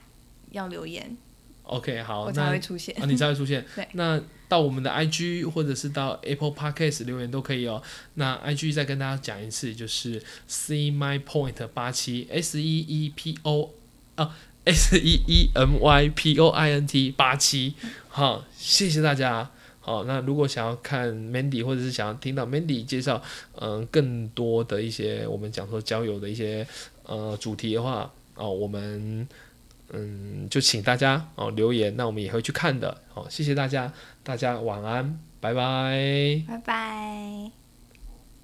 要留言。OK，好，我才會出現。啊，你才會出現。 對，那。到我們的 IG 或者是到 Apple Podcast 留言都可以哦。那 IG 再跟大家講一次，就是 See My Point 八七 S E E P O 啊 S E E M Y P O I N T 八七，好，謝謝大家。好，那如果想要看 Mandy 或者是想要聽到 Mandy 介紹嗯、呃、更多的一些我們講說交友的一些呃主題的話哦，我們嗯就請大家哦留言，那我們也會去看的。好、哦，謝謝大家。大家晚安，拜拜，拜拜。